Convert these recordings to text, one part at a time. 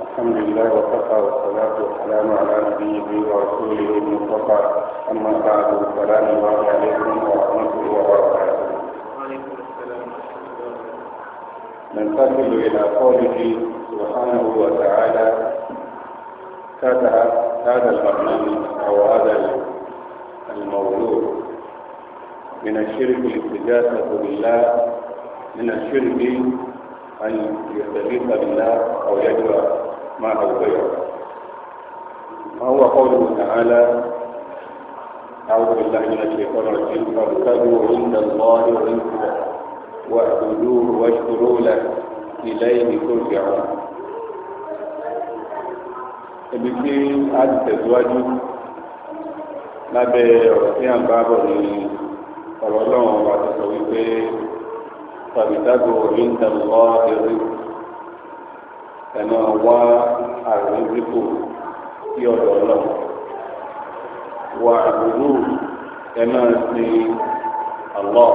الحمد لله وكفى والصلاة والسلام على نبيه ورسوله المصطفى أما بعد السلام الله عليكم ورحمة الله وبركاته ننتقل إلى قوله سبحانه وتعالى هذا البرنامج أو هذا الموضوع من الشرك الاتجاه بالله من الشرك أن يستغيث بالله أو يجرى معه غيره وهو قوله تعالى أعوذ بالله من الشيطان الرجيم فارتدوا عند الله رزقا واعبدوه واشكروا له إليه ترجعون ibi tí a ti tẹ̀síwájú lábẹ́ ọ̀rọ̀ tí à ń bá فابتغوا عند الله الرزق ẹ máa wá àrùn rípò sí ọ̀dọ̀ náà wà àbúrò ẹ máa sin àlọ́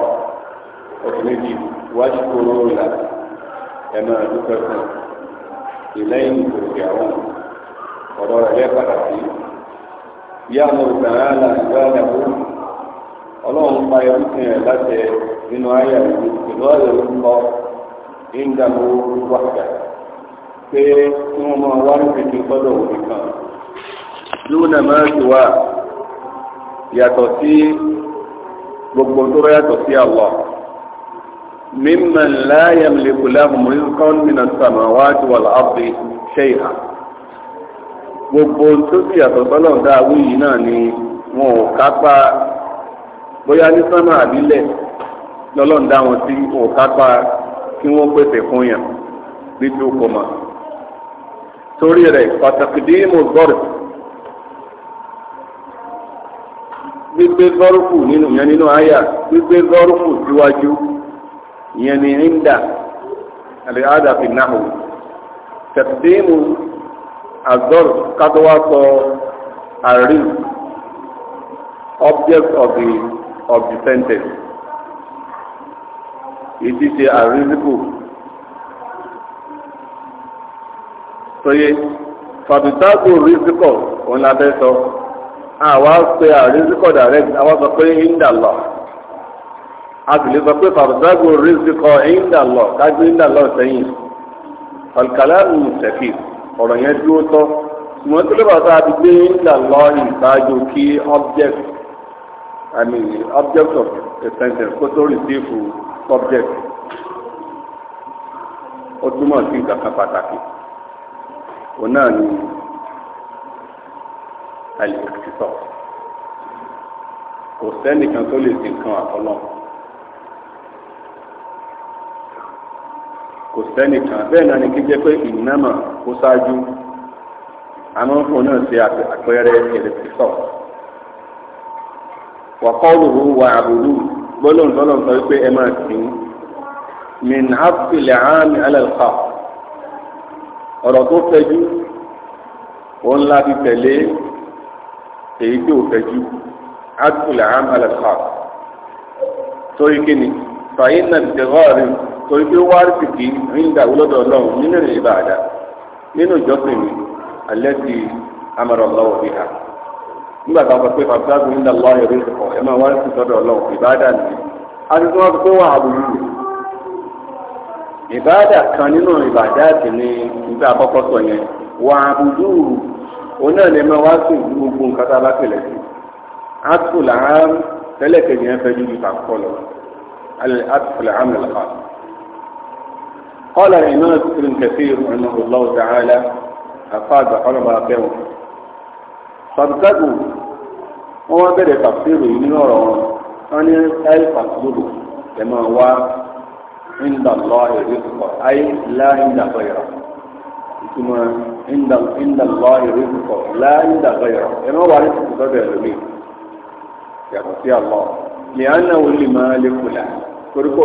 ọdún méjì wájú kóró ìlà ẹ máa dúpẹ́ fún ìlẹ́yìn ìgbòkè àwọn ọ̀rọ̀ rẹ̀ padà sí yàtọ̀ ìgbàlá ìgbàlá ìgbàlá ọlọ́run pa ẹrúfin rẹ̀ láti nínú ayé àti ìlú ayé ńkọ ìńdàgbò wájà pé kí wọ́n máa wá níbi kí gbọ́dọ̀ wò nìkan. lúnà máa ti wá yàtọ̀ sí gbogbo tó yàtọ̀ sí Allah. mimman la yamliku lahum rizqan mina samawati wal ardi shay'an. gbogbo tó sì yàtọ̀ sọ́lọ́ọ̀dá awúyí náà ni wọn ò kápá bóyá ní sánmà àbílẹ̀ lọ́lọ́run dá wọn sí òkápá kí wọ́n pèsè fún yàn nítorí kò mọ̀ torí rẹ̀ pàtàkì dìímù gbọ́rọ̀ gbígbé zọrùkù nínú yẹn nínú àyà gbígbé zọrùkù síwájú yẹn ní ńdà àlè àdàfi náà tẹ̀síìmù kátó wá sọ àrí object of the of the sentence it is a èyí ṣe àrísìkò sọyẹ fàbítàkù rísìkò òun la fẹ́ sọ àwa pe àrísìkò direct I I in the law. àwa sọ pé indàlọ a sì lè sọ pé fàbítàkù rísìkò indàlọ kájú indàlọ sẹ́yìn kàlùkàlà ń sẹ́kì ọ̀rọ̀ the dúró tọ́ ṣùgbọ́n tí ló bá tá a ti gbé indàlọ ìṣáájú kí object. I mean the object of a sentence kó tó receive subject ó túmọ̀ sí nǹkan kan pàtàkì òun náà ni àlèkìtọ̀ kò sẹ́nìkan tó lè di nǹkan àtọ́lọ́ kò sẹ́nìkan bẹ́ẹ̀ náà ni kí jẹ́ pé ìnámà kó ṣáájú àmọ́ fún náà ṣe àpẹẹrẹ àlèkìtọ̀ wàkọ́ọ̀lùhù wà àbùdù gbólóhùn tọ́lọ̀ sọ wípé ẹ máa sìn min hafilẹ̀ àmì alẹ́lẹ́kà ọ̀rọ̀ tó fẹjú òun la fi tẹ̀lé èyí tí ò fẹjú hafilẹ̀ àmì alẹ́lẹ́kà torí kí ni fàyín náà ti rọ́ọ̀rì torí pé wárí ti kì nínú ìbàdà nínú ìjọsìn mi ti amọ̀rọ̀ lọ́wọ́ bí ha nígbà tá a sọ pé fàtàkù ń dà lọ́wọ́ ẹ̀rí ìkọ̀ ẹ máa wá sí sọ́dọ̀ ọlọ́run ìbáàdà nìyí a ti tún wá pé wà á burú ìbáàdà kan nínú ìbàdà àti ní nígbà àkọ́kọ́ sọ yẹn wà á burú òun náà lè máa wá sí ìlú gbogbo nǹkan tá a bá pèlè sí atul am tẹ́lẹ̀ kejì yẹn fẹ́ ju ju kàkọ́ lọ atul am lè kà قال الإمام ابن كثير رحمه الله تعالى أفاد قال fàbíkàgò wọn wá bẹ̀rẹ̀ fàbíkàgò yìí nínú ọ̀rọ̀ wọn wọn ní ayé fàbíkàgò ẹ̀ máa wá ńdà lọ èrè kọ̀ ayé láńdà bẹ̀rẹ̀ ìtumọ̀ ńdà lọ èrè kọ̀ láńdà bẹ̀rẹ̀ ẹ̀ máa wá ní tòkòtò bẹ̀rẹ̀ lómi yàtọ̀ sí àlọ́ ní àná wòlíì máa lé kula torí kò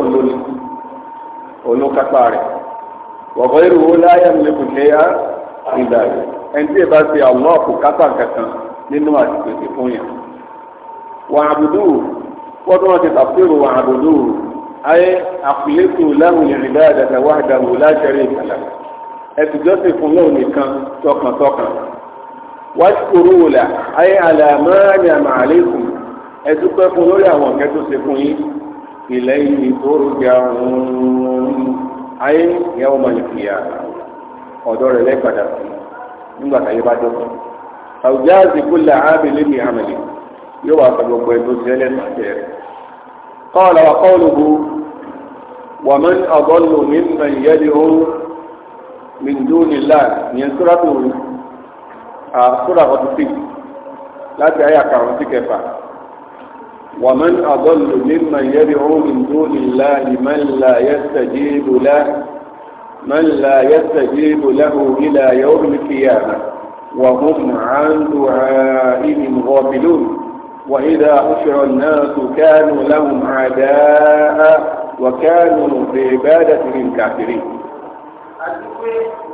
olùkápá rẹ̀ wọ̀gọ́ ìrù wọlé ayé lè kù ṣe ẹni tí ìbá ṣe àwọn àpòkátà kankan nínú àsìkò ìdí fún yẹn. wà á dúdú wọ́n tún wọ́n ti tàfírò wà á dúdú ayé àpìlẹ́tù láwùn yẹn nígbà àdàtà wà dàrú láṣẹrí ìkàlà ẹtù jọ́sìn fún lóun nìkan tọkàntọkàn. wá kúrò wòlà ayé àlàmáàní àmàlẹ́kùn ẹtù pẹ́ fún lórí àwọn kẹ́tù ṣe fún yín ilẹ̀ yìí tó rúgbà ọ̀hún ayé yẹ́wọ́n mọ̀ ní ọ̀dọ́ rẹ̀ lẹ́gbàdà fún un nígbà táyé bá dọ̀tọ̀ àwùjá àzìkú là ábì lémi àmàlì yóò wá sọ gbogbo ẹ̀ tó ti ẹlẹ́nu àti ẹ̀rẹ̀ kọ́ọ̀lá wa kọ́ọ̀lùbù wà mọ́n ọ̀gọ́lù mi mọ̀ ìyẹ́dì ó mi dúni là yẹn sọ́ra tó láti ayé àkàrọ̀ sí kẹfà wà mọ́n ọ̀gọ́lù mi mọ̀ ìyẹ́dì ó mi dúni là yìí mọ́ من لا يستجيب له إلى يوم القيامة وهم عن دعائهم غافلون وإذا حشر الناس كانوا لهم عداء وكانوا بعبادتهم كافرين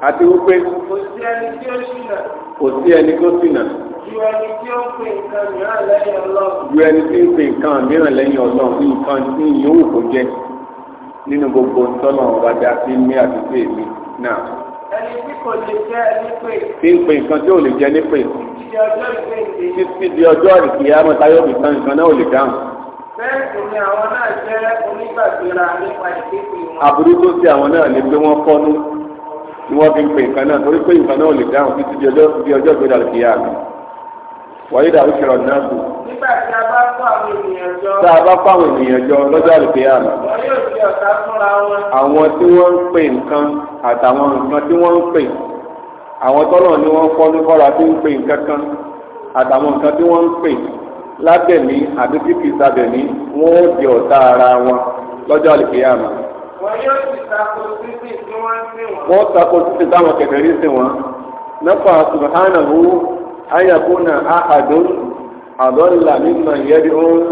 àti wípé kò sí ẹni tí ó ṣìnà kò sí ẹni tó ṣìnà ju ẹni tí ó pè nǹkan mìíràn lẹ́yìn ọlọ́run ju ẹni tí ó pè nǹkan mìíràn lẹ́yìn ọlọ́run nǹkan tí ìyóò kò jẹ́ nínú gbogbo ntọ́nà ọ̀bájá sí mí àti sí èmi náà. ẹni tí kò lè jẹ́ ẹni pé. tí ń pe nǹkan tí ò lè jẹ́ ní pé. títí di ọjọ́ ìkìyà mọ̀tayọ́ fi tán nǹkan náà ò lè dáhùn. bẹ́ẹ̀ ni àwọn náà jẹ́ onígbàgbéra nípa ìdíkù wọn. àbúrú tó ti àwọn náà lè gbé wọn fọ́nú ni wọ́n fi ń pe nǹkan náà torí pé nǹkan náà ò lè dáhùn títí di ọjọ́ ìkìyà mọ̀ wàyí dàrú kìrọ̀ náà kù. nígbà tí a bá kó àwọn ènìyàn jọ. tá a bá kó àwọn ènìyàn jọ lọ́jọ́ àlùkè àná. wọ́n yóò fi ọ̀tá fúnra wọn. àwọn tí wọ́n ń pè nǹkan àtàwọn nǹkan tí wọ́n ń pè àwọn tọ́lọ̀ ni wọ́n fọ́ ní fọ́ra tí ń pè nǹkan kan àtàwọn nǹkan tí wọ́n ń pè lábẹ̀mí àbí títí sábẹ̀mí wọ́n ó di ọ̀tá ara wọn lọ́jọ́ àlùkè àná. wọ́n yóò ti tako títì tí wọ́n ń sìn wọ́n. wọ́n tako títì táwọn kẹ̀kẹ́ ayakuna ahadun adalla mimman yad'un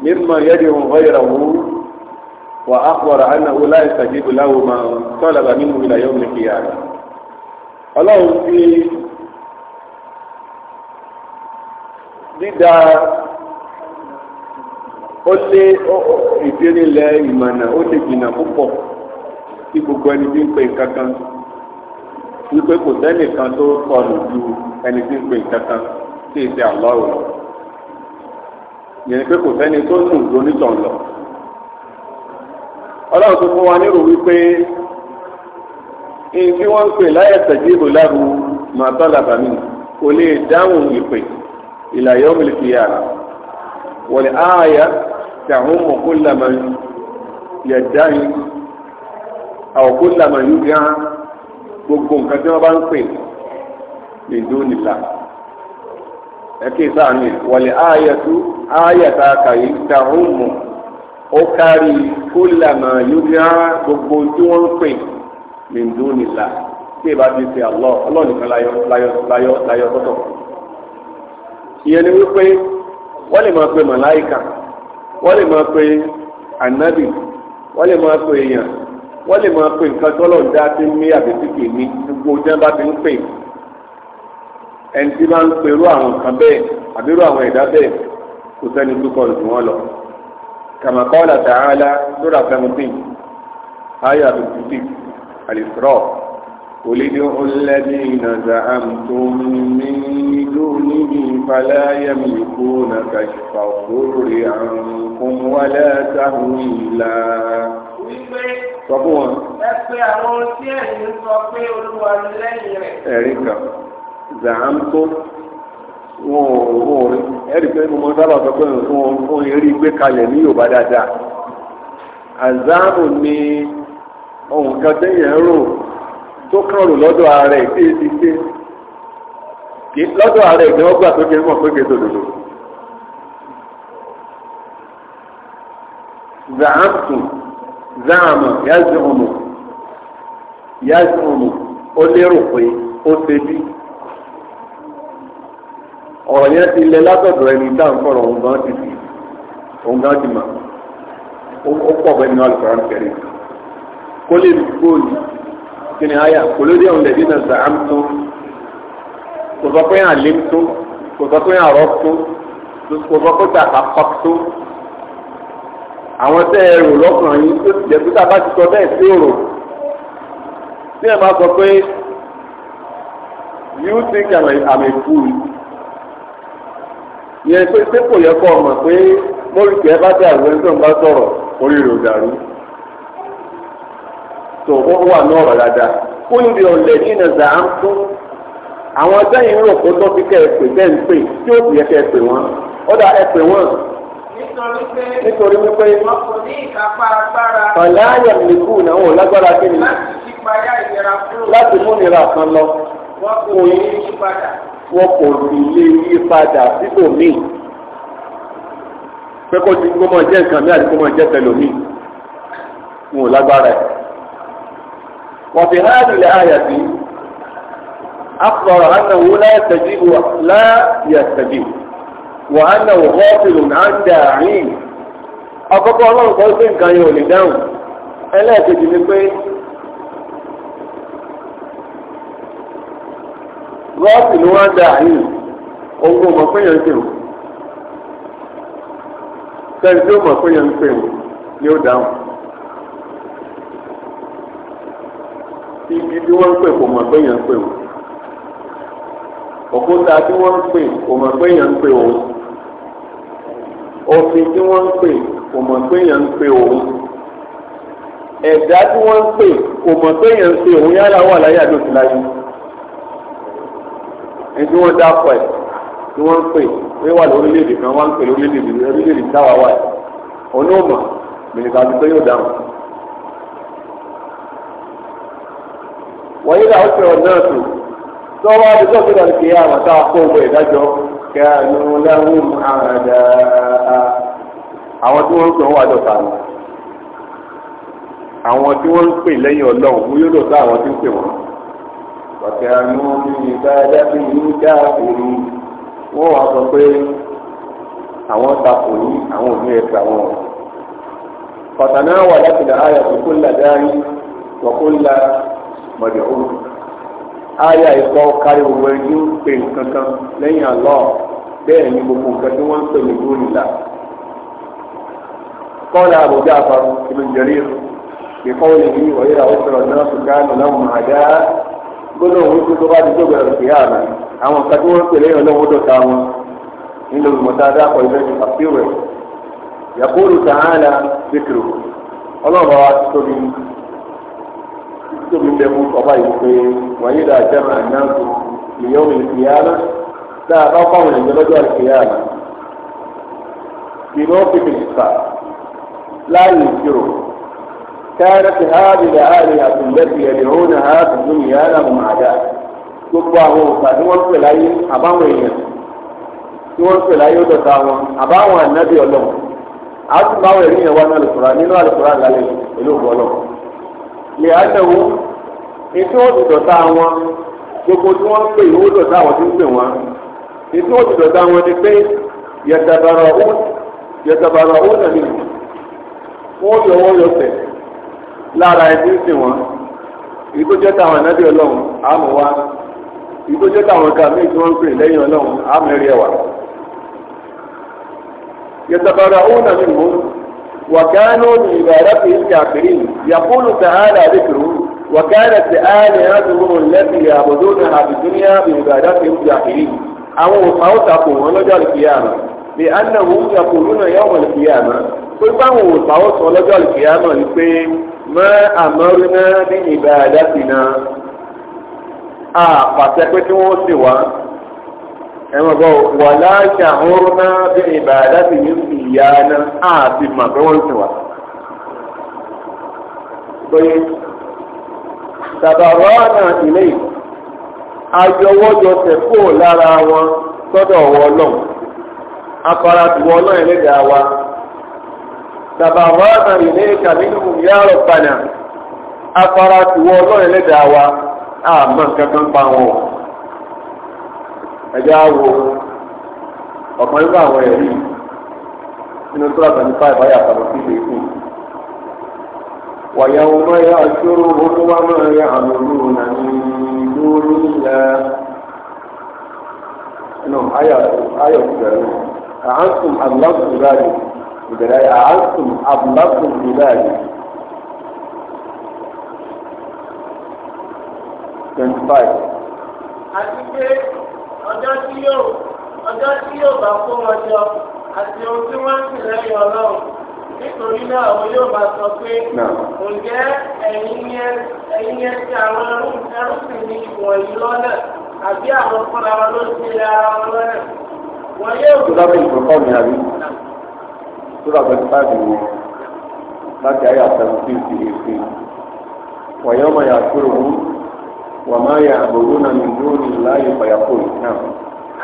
mimman yad'un ghayrahu wa akhbara annahu la yastajibu lahu ma talaba minhu ila yawm al-qiyamah ọlọ́run fi dídá ó lé ìdínílẹ̀ ìmọ̀nà ó lè jìnnà púpọ̀ tí gbogbo ẹni tí ń pè kankan wípé kò sẹ́nìkan tó kọlù ju ẹni tí ń pè kankan sí ìṣe àlọ́rù lọ yẹn pé kò sẹ́ni tó nù lónítàn lọ ọlọ́run tó fún wa nírò wípé ní tí wọ́n ń pè láyé tẹ̀jíìbò láru màtọ́lá bàmí kò lè dáhùn ìpè ìlàyé ọmọlẹ́kì yàrá wọ́n ní ààyà tàhún mọ̀kúnlámà yẹ̀dáyìn àwọ̀kúnlámà yúgán gbogbo nǹkan tí wọ́n bá ń pè lè dó nìlà ẹ̀kí sáàmì wọ̀lẹ̀ ayẹ̀tú ayẹ̀ta kàyí dàrúmù ó kárí kólàmà yóbiá gbogbo tí wọ́n ń pè lè dó nìlà tí ìbá ti ṣe àlọ́ ọlọ́ọ̀nìkan láyọ̀ tọ́tọ̀ ìyẹn ni wípé wọ́n lè máa pe màláìkà wọ́n lè máa pe ànábì wọ́n lè máa pe èèyàn wọ́n lè máa pè nǹkan tọ́lọ̀ ń dá sí ní àbẹ̀síkè ní gbogbo jẹ́ bá ti ń pè ẹni tí máa ń perú àwọn nǹkan bẹ́ẹ̀ àbírú àwọn ẹ̀dá bẹ́ẹ̀ kò sẹ́ni tó kọ̀ jù wọ́n lọ. kama qala ta'ala sura seventeen aya fifty six al-Isra qul ud'u alladhina za'amtum min dunihi fala yamlikuna kashfa dhurri ankum wala tahwila. wípé sọ fún wọn. ẹ pé àwọn tí ẹ̀yin sọ pé olúwa ni lẹ́yìn rẹ̀. ẹ̀rí kan zàám tó wọn ò wọn ò ẹ̀rí pé mo máa sábà sọ pé wọn ò rí gbé kalẹ̀ ní Yorùbá dáadáa. àzáàmù ni ohun kan téèyàn rò tó kàn rò lọ́dọ̀ ààrẹ tí èsì ṣe kì lọ́dọ̀ ààrẹ ìgbẹ́ ọgbà tó kẹ́ mọ̀ pé kẹ́ tó dòdò. zàám tún záàmù yáàzùmù yáàzùmù ó lérò pé ó ṣe bí ọ̀rọ̀ yẹn ti lẹ látọ̀dọ̀ ẹni tá à ń fọ̀rọ̀ òun gan ti bì òun gan ti mà ó pọ̀ bẹ́ẹ̀ nínú alùpàrọ̀ kẹrin kó lè dúró yìí kí ni àyà kò lóde àwọn lẹ́bí náà tó kò sọ pé àlém tó kò sọ pé àrọ́ tó kò sọ pé tàkà pọ́k tó àwọn tẹ́ ẹ rò lọ́kàn yín tó ti jẹ́ tá a bá ti sọ bẹ́ẹ̀ sí òrò tí ẹ máa sọ pé you think I'm a, I'm a fool yẹn pé ṣé kò yẹ kọ́ ọ mọ̀ pé mọ́rìkì ẹ bá dàrú ẹni tó ń bá sọ̀rọ̀ orí rò dàrú tó ó wà ní ọ̀rọ̀ dáadáa kó ń bí ọ̀lẹ̀ ní ìnàzà á ń fún àwọn sẹ́yìn rò kó tó fi kẹ́ ẹ pè bẹ́ẹ̀ ń pè tí ó sì yẹ kẹ́ ẹ pè wọ́n ọ̀dà ẹ pè wọ́n nítorí wípé ọ̀là àyàmìlìkù náà wò lágbára kí ni láti mú nira kan lọ wọn kò sì lè yí padà síbò míì pé kó ti gbọ́mọ jẹ́ nǹkan mi àti gbọ́mọ jẹ́ tẹlómìí wọn ò lágbára ẹ̀. wọ́n fi hàn nílẹ̀ àyà sí afọ̀rọ̀ àtàwọn láyà tẹ̀jú wàhánà òhọ́ọ̀fìlù náà ń dà àárín ọkọ̀kọ́ ọlọ́run kan sí nǹkan yẹn ò lè dáhùn ẹlẹ́ẹ̀kejì ni pé rọ́ọ̀fìlù wọn dà àárín òun kò mọ̀ pé yẹn ń pè wọ́n sẹ́ni tí ó mọ̀ pé ń pè wọ́n ni ó dáhùn ibi tí wọ́n ń pè kò mọ̀ pé ń pè wọ́n òkúta tí wọ́n ń pè kò mọ̀ pé ń pè wọ́n òfin tí wọ́n ń pè kò mọ̀ pé èèyàn ń pè òun ẹ̀dá tí wọ́n ń pè kò mọ̀ pé èèyàn ń pè òun yálà wà láyé àdókì láyé ẹni tí wọ́n dápọ̀ ẹ̀ tí wọ́n ń pè pé wà lórílẹ̀‐èdè kan wọ́n ń pè lórílẹ̀‐èdè lórílẹ̀‐èdè táwa wà ẹ̀ onímọ̀ mìlíkà ti pé yóò dáhùn. wọ́n yíra ó fẹ́ràn náà tó tọ́wọ́ àdúgbò tó dàbí kéèyàn àmọ́ táwọn kó owó ìdájọ́ kẹ́hánú lẹ́hùn àdáa àwọn tí wọ́n ń pè wọ́n wà dọ̀tá wọn àwọn tí wọ́n ń pè lẹ́yìn ọlọ́run mú yóò dọ̀tá àwọn tí ń pè wọ́n. ọ̀kẹ́ àánú mi ìgbà dábì ní káàkiri wọ́n wàá sọ pé àwọn takò ní àwọn òbí ẹ̀ka wọn. ọ̀tàná wà láti dà áyà tó kó làdáyé wọ́kó la mọ̀dẹ̀hóró. áyà ìkọ́ kárí gbogbo ẹni ń pè nǹkan kan lẹ́yìn àlọ́ bẹ́ẹ̀ ni gbogbo nǹkan tí wọ́n ń pè ní gómìnà قال أبو جعفر بن جرير بقوله وإذا أسر الناس كانوا لهم أعداء gbólóhùn wípé tó bá di tó bẹ̀rẹ̀ sí àná àwọn kan tí wọ́n pè lẹ́yìn ọlọ́wọ́ dọ̀tá wọn nínú ìmọ̀ta dápọ̀ ìbẹ́ni àfihàn yàkóòlù tààlà bíkìrò ọlọ́ọ̀bá wa tóbi tóbi bẹ́ẹ̀ fún ọba yìí pé wọ́n yíra jẹ́mà náà tó ìyẹ́wò ìfìyàrá tá a bá fáwọn ènìyàn lọ́jọ́ ìfìyàrá kì í lọ́ọ́ fi fèsì fà láàyè ìṣirò kẹ́rẹ́tì hábi lè àárín àtúndẹ́tì ẹ̀dẹ̀hónà hábi lómi yàrá màdá gbogbo àwọn òkà tí wọ́n pè láyé àbáwọn èèyàn tí wọ́n pè láyé ó dọ̀tà wọn àbáwọn ànábì ọlọ́run àti báwọn èrí yẹn wá ní alùpùpù nínú alùpùpù àlàlẹ́ ìlú ìbọ̀lọ́ lè àdéhùn ètò òdì dọ̀tà wọn gbogbo tí wọ́n pè ó dọ̀tà wọn tí ń pè wọn ètò òdì dọ̀tà wọn ni pé yẹtàbàrà ó yẹtàbàrà ó nàní wọ́n yọ wọ́n yọ tẹ̀ lára ẹni ń sìn wọ́n èyí tó ọlọ́run àmọ́ wá èyí tó ẹ̀ka míì tí wọ́n ń pè lẹ́yìn ọlọ́run àmọ́ ẹ̀rí ẹ̀wà. yẹtàbàrà òun náà nìmú wàkánú ní ìbàdà fi ń kàfìrí yàkúlù tàhálà dìkìrú wàkánà ti àlè àdúgbò lẹ́bi àbòdó ní àwọn òfà ó pé báwọn òòtà ó sọ lọ́jọ́ àlùkìyámọ̀ ni pé mọ́ àmọ́rí náà ní ìgbà àdáṣì náà a pàṣẹ pé kí wọ́n sì wá ẹ̀wọ̀n bọ̀ wà láṣà òru náà ìgbà àdáṣì ní ìyá náà a ti mà pé wọ́n sì wá. Bóyá tàbàrọ̀ náà ilé yìí ayọwọ́jọ tẹ̀kọ́ lára wọn sọ́dọ̀ wọ́ ọlọ́run afárá tiwọ́ ọlọ́run ẹlẹ́dàá wa. tàbàwọ́nà ìléka nínú yàrá padà afárá tí wọ́n ọlọ́run ẹlẹ́dàá wa àmọ́ kankan pa wọn. ẹ̀jẹ̀ á ọ̀pọ̀ nínú àwọn ẹ̀rí nínú tó àgbà nípa ìbáyà àtàwọn sí ìlú ìkú. ويوم يحشرهم وما يعملون من دون الله نعم آية آية أعنتم أن ذلك ìbẹ̀rẹ̀ àásùn abúlákùn ìbáyé twenty five. àti pé ọjọ́ tí yóò ọjọ́ tí yóò bá kó wọn jọ àti ohun tí wọ́n sì lẹ́yìn ọlọ́run nítorí náà àwọn yóò bá sọ pé ǹjẹ́ ẹ̀yin yẹn ẹ̀yin yẹn ti àwọn ẹrúsìn ní ìwọ̀nyí lọ́nà àbí àwọn fúnra wọn ló ti ra ara wọn lọ́nà. wọ́n yóò sura twenty five yìí láti àyà seventeen sí eighteen wàyọ́ máa yà kúrò mú wà máa yà àbòrò náà ní dúró ní láàyè fàyàkó náà.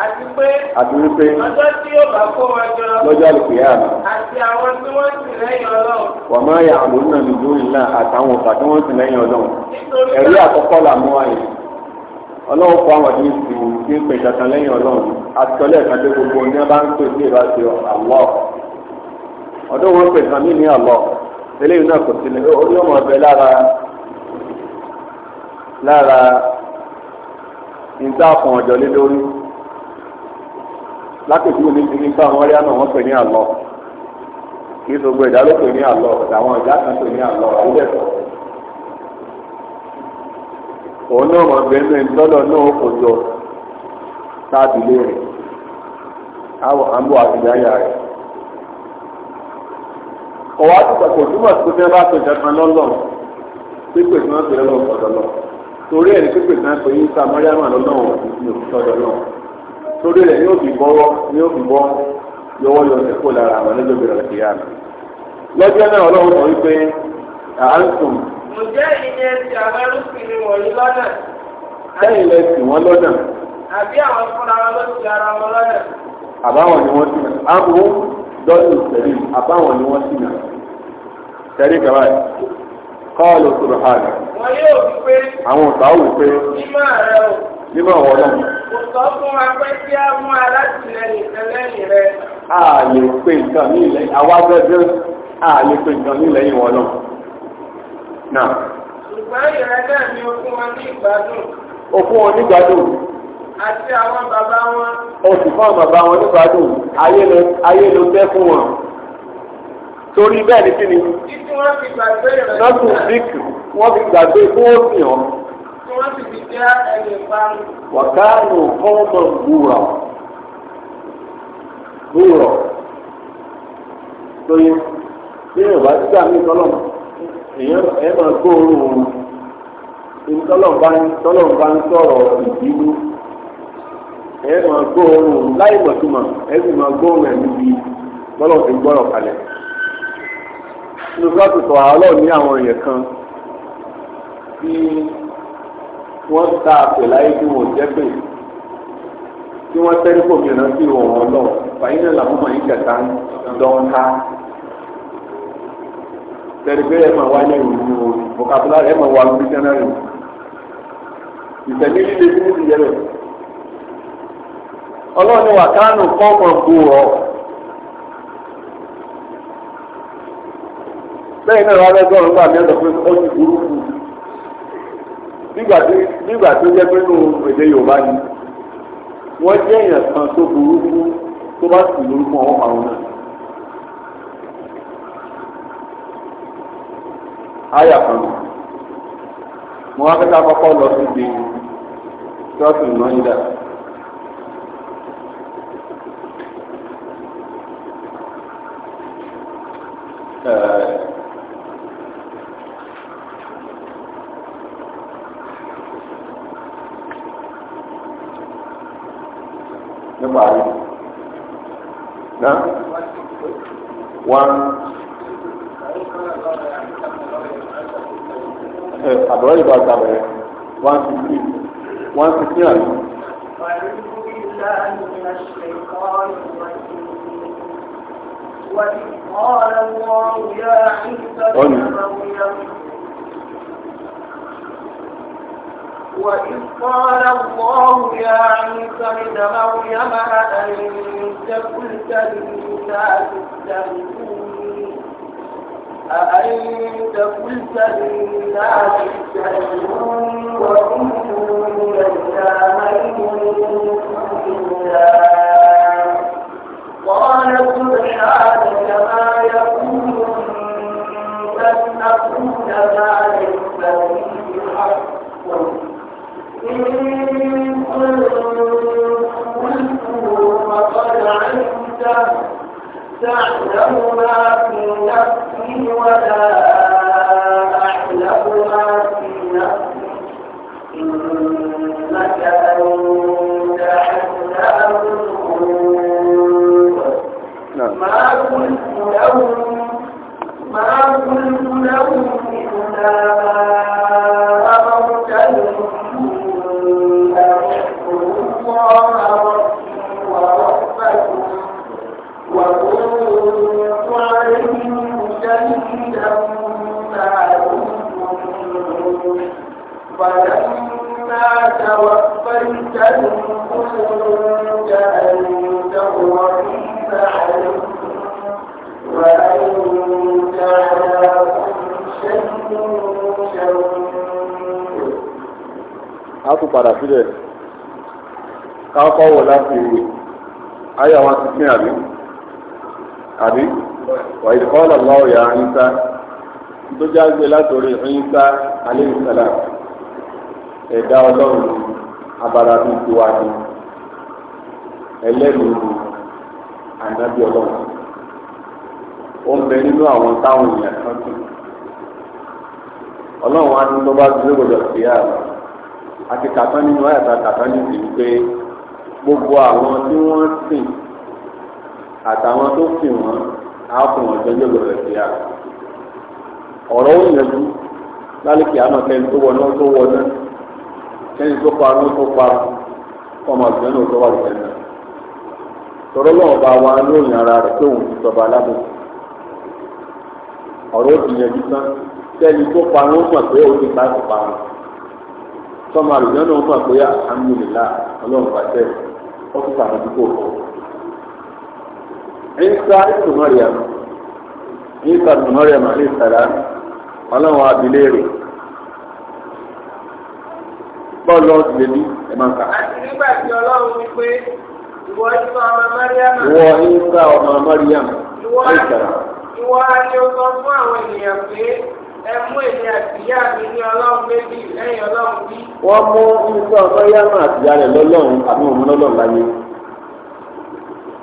àti pé àti wípé ọjọ́ tí yóò bá kó wọn jọ lọ́jọ́ àlùkìyà mi. àti àwọn tí wọ́n sì lẹ́yìn ọlọ́run. wà máa yà àbòrò náà ní dúró ní láà àtàwọn ọ̀fà tí wọ́n sì lẹ́yìn ọlọ́run. ẹ̀rí àkọ́kọ́ là mú àyè ọlọ́run fún àwọn àdéhùn sí ń pè kankan lẹ́yìn ọlọ́run àti ọlẹ́ẹ̀kan gbogbo ní a bá ìbáṣe àwọ̀ ọdún wọn pè kàn ní àlọ eléyìí náà kò sí ní orí ọmọ lára lára ìdáàfọn ọjọ́ ti ní bá àná wọn pè ní àlọ kì í sọgbọ pè ní àlọ àwọn ìdá pè ní àlọ àwùjọ òun náà náà kò jọ ọwọ́ àtúntà kò túmọ̀ sí pé bá pèsè kan lọ́lọ́ pípè tí wọ́n pè lọ́wọ́ ọ̀dọ̀ lọ torí ẹ̀ ní pípè tí wọ́n pè yín sá mọ́ríàmà lọ́lọ́wọ́ ní òkútọ́dọ̀ lọ torí rẹ̀ yóò fi bọ́wọ́ yóò fi bọ́ yọwọ́ yọ ẹ̀kọ́ lára àwọn ẹlẹ́jọ́ bẹ̀rẹ̀ sí yá mi lọ́jọ́ náà ọlọ́run sọ wípé àánsùn. mo jẹ́ ìyẹn ti àbárúfin wọ̀nyí lọ́nà. lẹ́yìn lẹ sì wọ́n lọ́nà. àbí àwọn fúnra wọn ló ti ara wọn lọ́nà. àbáwọn ni wọ́n ti nà. àbúrò dọ́lù tẹ̀lé àbáwọn ni wọ́n ti nà tẹ̀lé kaba yìí kọ́ọ̀lù subahana àwọn ọ̀tá wù pé nímọ̀ ọ̀wọ́ náà. kò sọ fún wa pé kí á mú alátìlẹyìn tẹ́lẹ̀yìn rẹ. a lè pe nǹkan ní ilẹ̀ àwa gbẹ́gbẹ́ a lè pe nǹkan ní ilẹ̀ yìí wọn náà. náà. ṣùgbọ́n ìrẹ́ náà ni okun wọn ní ìgbádùn. okun wọn ní ìgbádùn. àti àwọn bàbá wọn. oṣù fún àwọn bàbá wọn ní ìgbádùn ayé fún wọn torí bẹ́ẹ̀ ni kí ni. títí wọ́n fi gbàgbé rẹ̀. nọ́ọ̀sì bíkì wọ́n fi gbàgbé kó ó sì hàn. tí wọ́n sì fi jẹ́ ẹ̀yẹ̀ ìparun. wàkánù fọ́ọ̀mù búra búra lóye bí èèyàn bá dídá ní tọ́lọ̀ èèyàn ẹ máa gbóòórùn òun ní tọ́lọ̀ bá ń tọ́lọ̀ bá ń sọ̀rọ̀ ìbínú ẹ máa gbóòórùn òun láì mọ̀túmọ̀ ẹ sì máa gbóòórùn ẹ̀ níbi tọ́lọ̀ ti gbọ́rọ̀ kalẹ̀ nínú sọ́ọ̀tù sọ̀rọ̀ àlọ́ ní àwọn èèyàn kan tí wọ́n ta àpè láyé tí wọ́n jẹ́ pé tí wọ́n tẹ́lẹ̀ kò mìíràn sí ìwọ̀n wọn lọ fàyín náà làwọn mọ̀ ní kẹta ń dán ká tẹ̀lifí ẹ̀ máa wá ní ìròyìn o ẹ̀ máa wá ní dictionary ìtẹ̀lé líle tí mo ọlọ́run wà kánú kọ́ ọmọ gbòòrò. bẹ́ẹ̀ náà wà lọ́jọ́ ọ̀rọ̀ gbà ní ọ̀dọ̀ pé nígbà tó jẹ́ pé nù èdè Yorùbá ni wọ́n jẹ́ èèyàn kan tó burú tó bá sì lórúkọ àwọn àwọn náà. Ayà kan mo wá fẹ́ ká kọ́kọ́ lọ sí ibi ṣọ́ọ̀tì náà yìí dáa. وإذ قال الله يا عيسى ابن مريم وإذ قال الله يا عيسى ابن مريم أأنت قلت للناس اتخذوني أأنت قلت للناس اتخذوني وأمي الله قال سبحانك ما يكون أن أقول ما ليس به حق إن قلت وقد علمته تعلم ما في já gbé látòrí ìyínsá aléìsàlá ẹ̀dá ọlọ́run abala bíi tiwa ni ẹlẹ́nu ànábì ọlọ́run ó ń bẹ nínú àwọn táwọn èèyàn kan tù ọlọ́run á ní tó bá dúró gbọdọ̀ sí àná àti kàtán nínú àyàtà kàtán nínú ìlú pé gbogbo àwọn tí wọ́n sìn àtàwọn tó sìn wọ́n á fún wọn gbọdọ̀ sí àná. ọ̀rọ̀ ó yẹ̀dú lálẹ́kì àmọ́ tó wọ náà tó wọ náà kẹ́ni tó parun tó parun ọmọ àgbẹ̀ náà tó wà náà tọ́rọ́ bá wa lóyìn ara rẹ̀ tó òun ti sọ̀bà alábòsí ọ̀rọ̀ ó ti tán kẹ́ni tó ó ti tọ́mọ náà ọlọ́run ọlọ́run abilé rè bọ́ọ̀lù ọ̀sùn lè ní ẹ̀ máa ń kà. àti nígbà tí ọlọ́run wí pé ìwọ ìfọ ọmọ mariam. ìwọ ìfọ ọmọ mariam. ìwọ ìwọ ni o sọ fún àwọn ènìyàn pé ẹ mú èmi àtìyá mi ní ọlọ́run méjì lẹ́yìn ọlọ́run bí. wọ́n mú ìfọ ọmọ mariam àtìyá rẹ̀ lọ́lọ́run àbí òun lọ́lọ́run láyé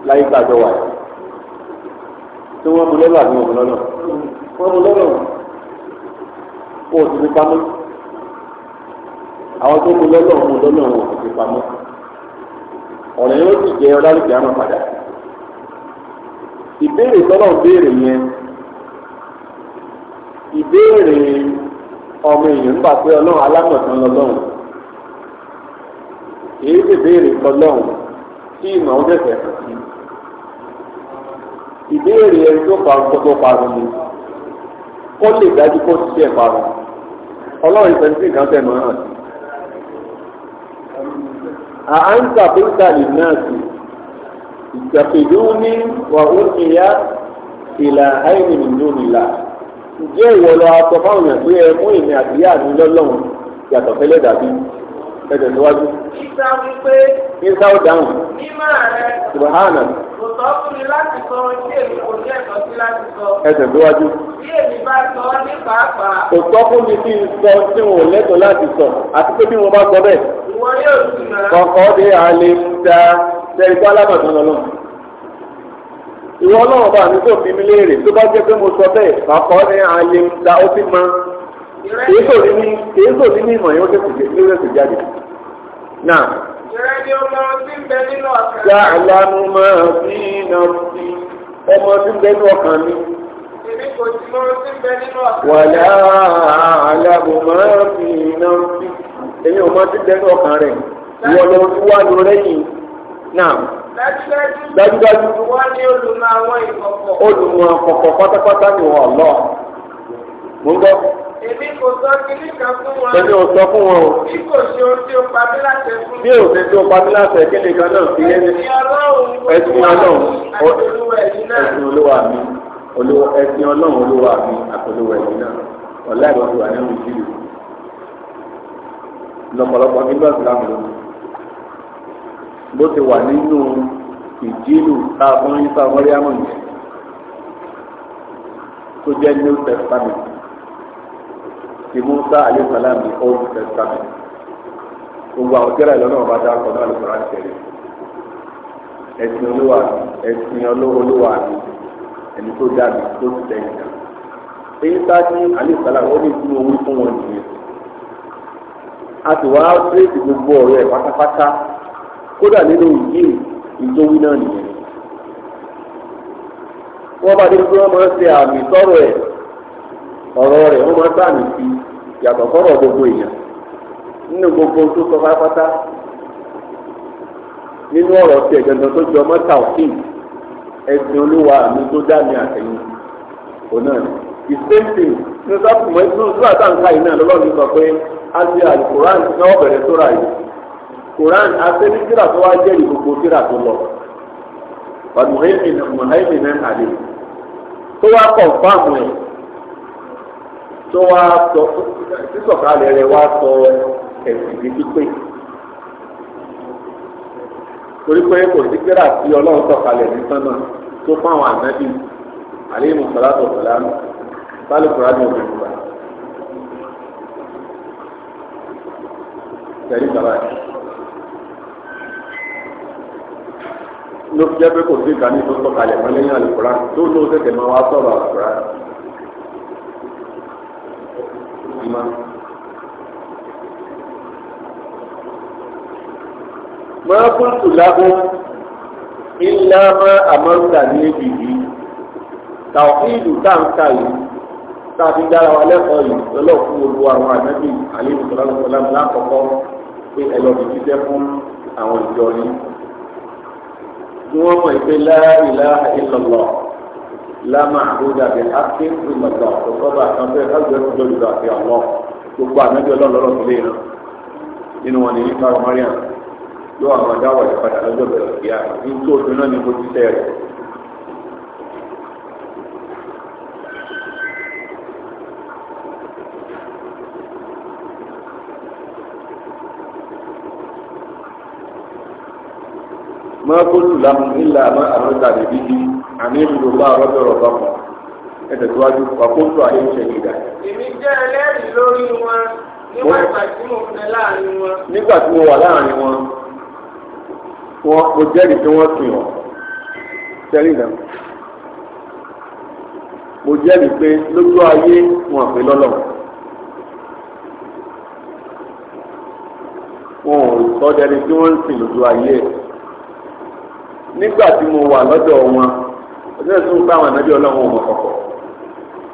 láyé gbàjọ wà tí wọ́n mú lọ́lọ́ àbí òun lọ́lọ́ wọ́n mú lọ́lọ́run. wọn ò pamọ́ àwọn tó mú lọ́nà mú lọ́nà wọn ò pamọ́ ọ̀rẹ́ yóò àmọ́ padà ìbéèrè tọ́lọ̀ béèrè yẹn ìbéèrè ọmọ èèyàn ń bà pé ọlọ́run alámọ̀tán lọ́lọ́run èyí sì béèrè tọ́lọ́run tí ìmọ̀ ọ́n sí ìbéèrè ẹni tó tó ọlọ́run ìfẹ̀sí nǹkan tẹ̀ mọ́ hàn sí. à ń tàbíkà lè náà sí ìtàkìdú ní wà ó ti yá ìlà àìní nínú ìlà. ǹjẹ́ ìwọ lọ aṣọ fáwọn èèyàn pé ẹ mi lọ́lọ́run yàtọ̀ fẹ́lẹ́ dàbí ẹ̀dẹ̀ níwájú. Ìsá wípé. Ìsá ó dáhùn. Mímọ́ rẹ̀. Subahana. Kò tọ́ fún mi láti sọ ohun tí èmi kò ní ẹ̀tọ́ sí láti sọ. Ẹ̀dẹ̀ níwájú. Bí èmi bá sọ ọ́ ní pàápàá. Kò tọ́ fún mi kí n sọ tí n ò lẹ́tọ̀ọ́ láti sọ àti pé bí mo bá sọ bẹ́ẹ̀. Ìwọ yóò sùn náà. Kọ̀ọ̀kọ́ dé àlè ta tẹ̀rí kó alábàtàn lọ́nà. Ìwọ ọlọ́run bá mi tó fi mí léèrè tó bá jẹ́ pé mo sọ bẹ́ẹ̀ bàkọ́ ní àlè ta ó fi máa èyí so ní ìmọ̀ yóò ní jáde náà. ni ọmọ tí ń bẹ nínú ọkàn. ọmọ tí ń bẹ nínú ọkàn mi. èmi kò sí mọ́ tí ń bẹ nínú ọkàn. wàlá àlàbò máa bí iná sí èmi ò mọ tí ń bẹ nínú ọkàn rẹ̀ lọ wọ́n Èmi kò sọ kíní kan fún wọn. Èmi ò sọ fún wọn o. Bí kò ṣe ohun tí ó pa mí láṣẹ fún mi. Bí ò ṣe tí ó pa mí láṣẹ kíni kan náà fi yé mi. Ẹ̀sìn Ọlọ́run. Ẹ̀sìn Ọlọ́run. Ẹ̀sìn Olúwa mi. Ẹ̀sìn Ọlọ́run Olúwa mi àtolúwa ẹ̀yìn náà. Ọ̀la ìwà ti wà nínú ìdílé. Lọ̀pọ̀lọpọ̀ nígbà tí láàmú lónìí. Bó ti wà nínú ìdílù táwọn ń sá mọ́ríámù yẹn. Tó jẹ́ New Testament ti Musa alayhi salam ní old testament gbogbo àwọn kíra ìlọ́nà ọba dá ọkọ̀ náà lọ́kọ̀ láti tẹ̀lé ẹ̀sìn olówó àmì ẹ̀sìn olówó àmì ẹni tó dá mi tó ti tẹ̀lé náà èyí tá ní salam ó ní ìdí owó fún wọn nìyẹn a sì wá bírèkì gbogbo ọ̀rọ̀ ẹ̀ pátápátá kódà nínú ìyí ìjówí náà nìyẹn wọ́n bá dé pé wọ́n máa ṣe àmì sọ́rọ̀ ẹ̀ ọ̀rọ̀ rẹ̀ wọ́n máa sàmì sí gbogbo èèyàn nínú gbogbo tó sọ pátápátá nínú ọ̀rọ̀ tiẹ̀ tó jọ mọ́ tàwọ́kìn ẹ̀sìn olúwa tó dá mi àtẹ̀yìn náà ní sáfù mọ́ inú tá à ń yìí náà a ti koran wọ́n bẹ̀rẹ̀ koran tó wá jẹ́ lọ náà náà tó wá kọ̀ fáàmù tó wá sọ sísọ̀kalẹ̀ rẹ̀ wá sọ ẹ̀sìn ní pípé torí pé kò sí kíra sí ọlọ́run sọ̀kalẹ̀ ní sánmà tó fáwọn ànábì àlẹ́ ìmọ̀sálá tó sọ̀lá sálùkùrá ní òkè ìgbà. tẹ̀lé bàbá yìí. ló fi jẹ́ pé kò sí ìkànnì tó sọ̀kalẹ̀ mọ́ lẹ́yìn àlùkùrá tó ló tẹ̀tẹ̀ máa wá sọ̀rọ̀ àlùkùrá sí mọ́. máa kún tùlábó ńlá máa àmọ́ǹtà ní ebì yìí tàwíìlù táǹkà yìí tàbí dára wa lẹ́kọ̀ọ́ yìí lọ́lọ́kùn olúwa àwọn ànábì àlejò sọ̀rọ̀ lákọ̀ọ́kọ́ pé ẹlọ́bì jíjẹ́ fún àwọn ìjọ yìí lámà àbúdà bíi ákè ìmọ̀tọ̀ òkọ́bà kan fẹ́ kájọ ẹ̀kọ́ lórí ìgbà àti ọ̀lọ́ gbogbo ànájọ ọlọ́ọ̀lọ́rọ̀ tó lé náà nínú wọn ni nípa mariam yóò àwọn adáwọ̀ ẹ̀ padà lọ́jọ́ bẹ̀rẹ̀ kíá ní tó oṣù ni mo ti tẹ́ rẹ̀. mọ́kúlù làmú ńlá mọ́ àrùn àmì ìlú bá rọ́bẹ̀ rọ̀bà kan ẹ̀sẹ̀ síwájú pàkóso àyẹ̀wò ṣẹlẹ̀ ìdá. èmi jẹ́ ẹlẹ́rìí lórí wọn nígbà tí mo fẹ́ láàrin wọn. nígbà tí mo wà láàrin wọn wọn mo jẹ́rìí tí wọ́n sìn ọ́ sẹ́rí ìdá. mo jẹ́rìí pé lójú ayé wọn àpè lọ́lọ́ wọn ò sọ tí wọ́n ń sìn lójú ayé nígbà tí mo wà lọ́dọ̀ wọn òtún náà tún bá àwọn ànábì ọlọ́run ọmọ kọ̀kọ̀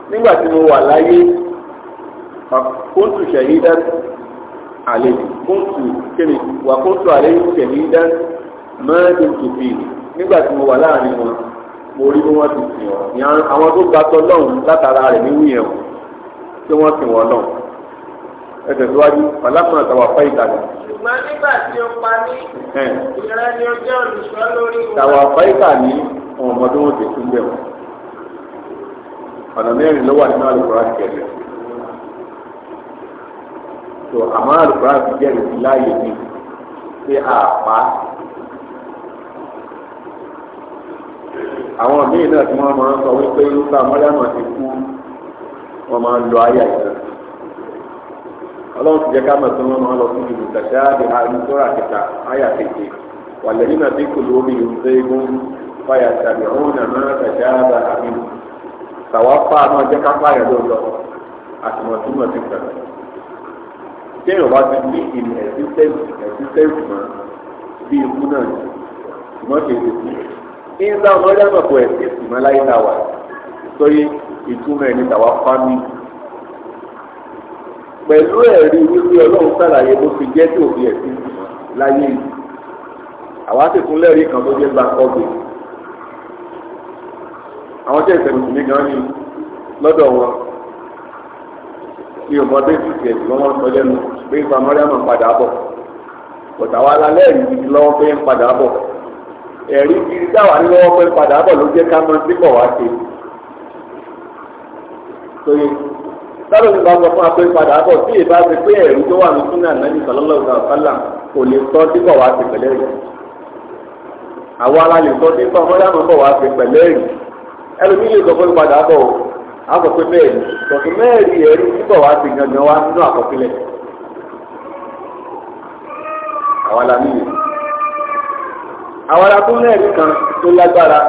nígbà tí mo wà láyé kóńtù ṣẹ̀yídá àlè kóńtù kéde wà kóńtù àlè ṣẹ̀yídá mẹ́rin tó fi nígbà tí mo wà láàrin wọn mo rí bí wọ́n ti sìn ọ́ ní àwọn tó gba tọ́ lọ́hùn látara rẹ̀ ní wúyẹn o tí wọ́n sìn wọ́n lọ́hùn ẹ tẹ̀síwájú alákùnrin àtàwọn afẹ́ ìtàgé. ṣùgbọ́n nígbà tí o pa ní ìrẹ́ni ọjọ́ olùṣọ́ lórí wọn. tàwọn afẹ́ ìtàgé wọn ọmọdé wọn ti tún bẹ̀ wọn ọ̀nà mẹ́rin ló wà nínú alukura kẹlẹ̀ tó àmọ́ alukura ti jẹ́rìí sí láàyè mi pé àpá àwọn míì náà tí wọ́n máa ń sọ wípé lúkà mọ́lẹ́mọ̀ ti kú wọ́n máa ń lo ayé àìsàn ọlọ́run ti jẹ́ ká mọ̀ tó wọ́n máa ń lọ sí ìlú tàṣáàdì àìsàn tó rà kẹta ayà kẹta wàlẹ́yìn náà dínkù lórí ìlú tó égún فيتبعون ما تشابه منه tàwáfà náà jẹ́ kápá yẹn ló lọ àtìmọ̀tìmọ̀ ti kàn. Téèyàn bá ti ní ìmọ̀ ẹ̀sísẹ́ǹsì ẹ̀sísẹ́ǹsì mọ́ bí ikú náà ní ìmọ̀ ṣe lè fi. Ìyẹn táwọn ọmọdé àmọ̀ kò ẹ̀sísì mọ́ láyé tá wà. Sọ́yé ìtumọ̀ ẹ̀ ní tàwáfà mi. Pẹ̀lú ẹ̀rí wípé Ọlọ́run sàlàyé bó fi jẹ́ tí òfin ẹ̀sísì láyé yìí. Àwa sì tún lẹ́rìí kan tó jẹ́ gbàkọ́gbìn. àwọn jẹ́ gan ni lọ́dọ̀ wọn ní ọmọ bẹ́ẹ̀sì tiẹ̀ tí wọ́n sọ lẹ́nu pé ìfà mọ́ríàmù padà bọ̀ bọ̀tà wa lálẹ́ ìrírí ti lọ́wọ́ pé ń padà bọ̀ ẹ̀rí ti lọ́wọ́ pé ń padà bọ̀ ló jẹ́ ká mọ sí wá sábà ní bá sọ fún padà bọ̀ ẹlòmí lè sọ fún padà bọ̀ ọ́ àwọn sọ pé bẹ́ẹ̀ ni sọ̀tún mẹ́rin ẹ̀rí síbọ̀ wá sí gangan wá nínú àkọsílẹ̀ àwa la níyì àwa la tún mẹ́rin kan tó lágbára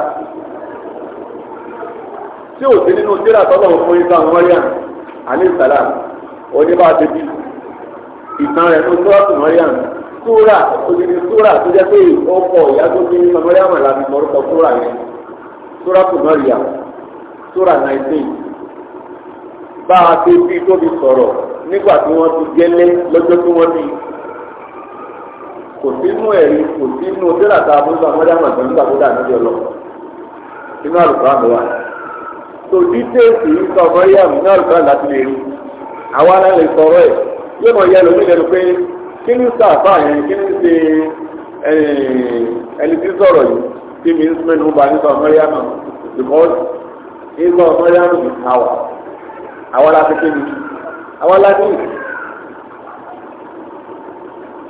tí ò sí nínú tíra tọ́lọ̀ fún isa mọ́ríàm alẹ́ ìsàlá oníbà tẹ́bí ìtàn rẹ̀ tó tọ́lọ̀ mọ́ríàm súrà òdìní súrà tó jẹ́ pé ó pọ̀ ìyá tó ní mọ́ríàm làbí mọ́rúkọ súrà yẹn sóràtò mọ́ríyà sóra nineteen bá a ṣe bí tóbi sọ̀rọ̀ nígbà tí wọ́n ti gẹ́lẹ́ lọ́jọ́ tí wọ́n bí kò sínú ẹ̀rí kò sínú tẹ́lá tá a bó sọ àmọ́dé àmọ́ àtàn nígbà tó dà níjọ lọ inú àlùkò àmọ́ wa tò dídéèsì yìí sọ mọ́ríyà inú àlùkò àmọ́ láti lè rí àwa náà lè sọ̀rọ̀ ẹ̀ yóò mọ̀ yẹ lómi lẹ́nu pé kí ni sàfà yẹn kí ni ṣe ẹni tí sọ̀rọ̀ yìí tí mi ń mẹ́nu bá nípa mọ́ríàmù because nípa mọ́ríàmù ní àwà àwa láti kébi àwa láti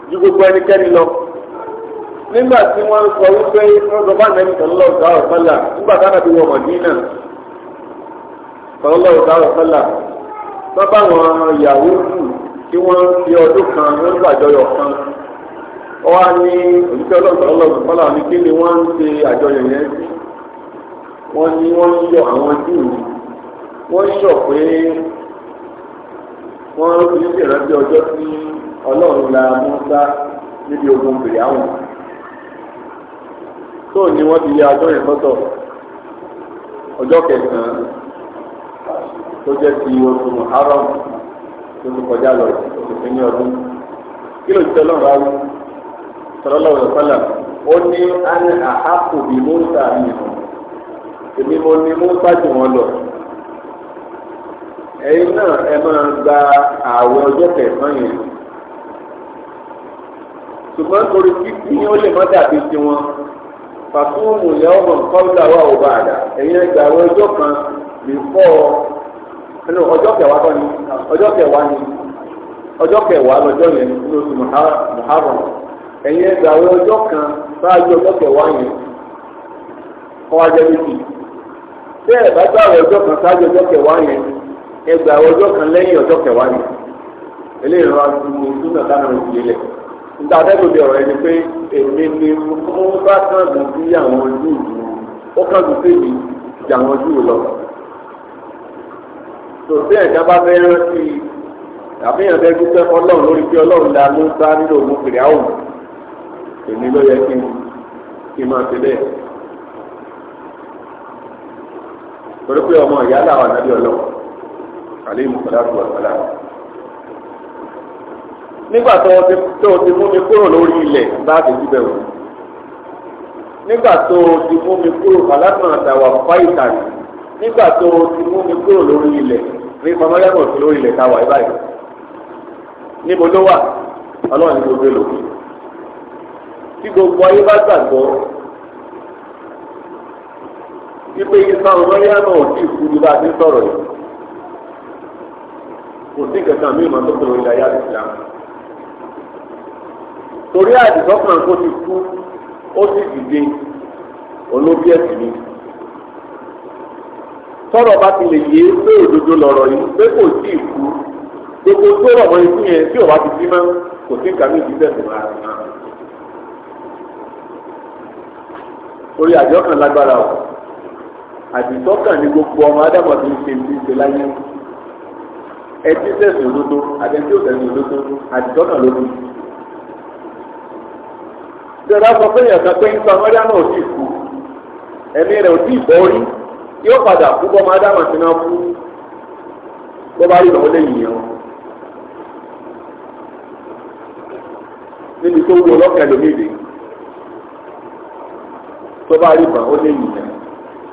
ju gbogbo ẹnikẹ́ni lọ nígbà tí wọ́n sọ wípé wọ́n sọ bá nẹ́ẹ̀mí sọlọ́lọ́ ọ̀gá ọ̀sọ́là nígbà tí wọ́n wọ mọ̀dínà sọlọ́lọ́ ọ̀gá ọ̀sọ́là bá bá wọn yàwó kù tí wọ́n fi ọdún kan wọ́n kan ọwọ́ ní òṣìṣẹ́ ọlọ́run ọlọ́run fọlá ní kí ni wọ́n ń ṣe àjọyọ̀ yẹn sí wọ́n ní wọ́n ń yọ àwọn júù wọ́n yọ̀ pé wọ́n ń fi ìrántí ọjọ́ sí ọlọ́run la mọ́sá níbi ogun pè àwọn tó ní wọ́n ti yẹ àjọ yẹn sọ́tọ̀ ọjọ́ kẹsàn-án tó jẹ́ ti oṣù Muharram tó ti kọjá lọ oṣù kìíní ọdún kí ló ti tẹ́ lọ́run ráwí. sallallahu alaihi wasallam ó ní àní àhápò mi èmi mo ní mọ́tà jù wọ́n lọ ẹ̀yin náà ẹ máa gba ààwẹ̀ ọjọ́ kẹsàn yẹn ṣùgbọ́n torí kíkí ó lè má dàbí tiwọn fàtúùmù yẹ ọmọ kọ́ńtà wà ó a dà ẹ̀yin ẹgbẹ́ àwọn kan lè fọ́ ọ ọjọ́ kẹwàá kọ́ ni ọjọ́ ẹ̀yin ẹgbẹ́ àwọn ọjọ́ kan ṣáájú ọjọ́ kẹwàá yẹn kọ́ wá jẹ́ méjì tẹ́ ẹ̀ bá ọjọ́ kan ṣáájú ọjọ́ kẹwàá yẹn ẹgbẹ́ àwọn ọjọ́ kan lẹ́yìn ọjọ́ kẹwàá yẹn eléyìí rọra ju dáná nígbà ọ̀rọ̀ ẹni pé èmi ni mo bá kàn sí àwọn ojú ìlú ó kàn sí lọ ọlọ́run lórí la ló ń nínú èmi ló yẹ kí n kí n máa ṣe bẹ́ẹ̀. torí pé ọmọ ìyá làwọn ànábì ọlọ́wọ́ àlẹ́ ìmùsọ̀láàtù ọ̀sọ̀lá. nígbà tó o ti mú mi kúrò lórí ilẹ̀ bá a ti jí bẹ̀rù nígbà tó o ti mú mi kúrò alágbọ̀n àtàwà fáìtà rẹ̀ nígbà tó o ti mú mi kúrò lórí ilẹ̀ rí pamọ́lẹ́gbọ̀n sí lórí ilẹ̀ táwa ẹ̀ báyìí. níbo ló wà ọlọ́run ní gbogbo èlò kìí tí gbogbo ayé bá gbàgbọ́ wípé isa ọlọ́yà náà ò tí ì kú ní bá a ti sọ̀rọ̀ yìí kò sí kankan mi ìmọ̀ tó kọ̀wé ìdáyà ti dá. torí àdìsọ́ kan kó ti kú ó sì dìde olóbi ẹ̀sìn mi. sọ̀rọ̀ bá ti lè yé pé òdodo lọ̀rọ̀ yìí pé kò sí ìkú gbogbo tó rọ̀ mọ́ ikú yẹn tí ò ti sí mọ́ kò sí nǹkan mi ìdí bẹ̀rẹ̀ máa rẹ̀ náà. orí àjọ kan lágbára o àdìsọ́kàn ni gbogbo ọmọ adámọ̀ tó ń ṣe ti ṣe láyé ẹtí sẹ̀sìn òdodo àtẹ̀tí òsẹ̀sìn òdodo àdìsọ́kàn ló kù. ìjọba sọ pé èèyàn kan pé ń sọ ọmọdé náà ò tí ì kú ẹ̀mí rẹ̀ ò tí ì bọ́ orí yóò padà kú bọ́ ọmọ adámọ̀ tí náà kú bó bá rí ìnáwó lẹ́yìn yẹn o. níbi tó wú ọlọ́kẹ́ lómi ìdè. tó bá rí ìbọn ó lè yìnyín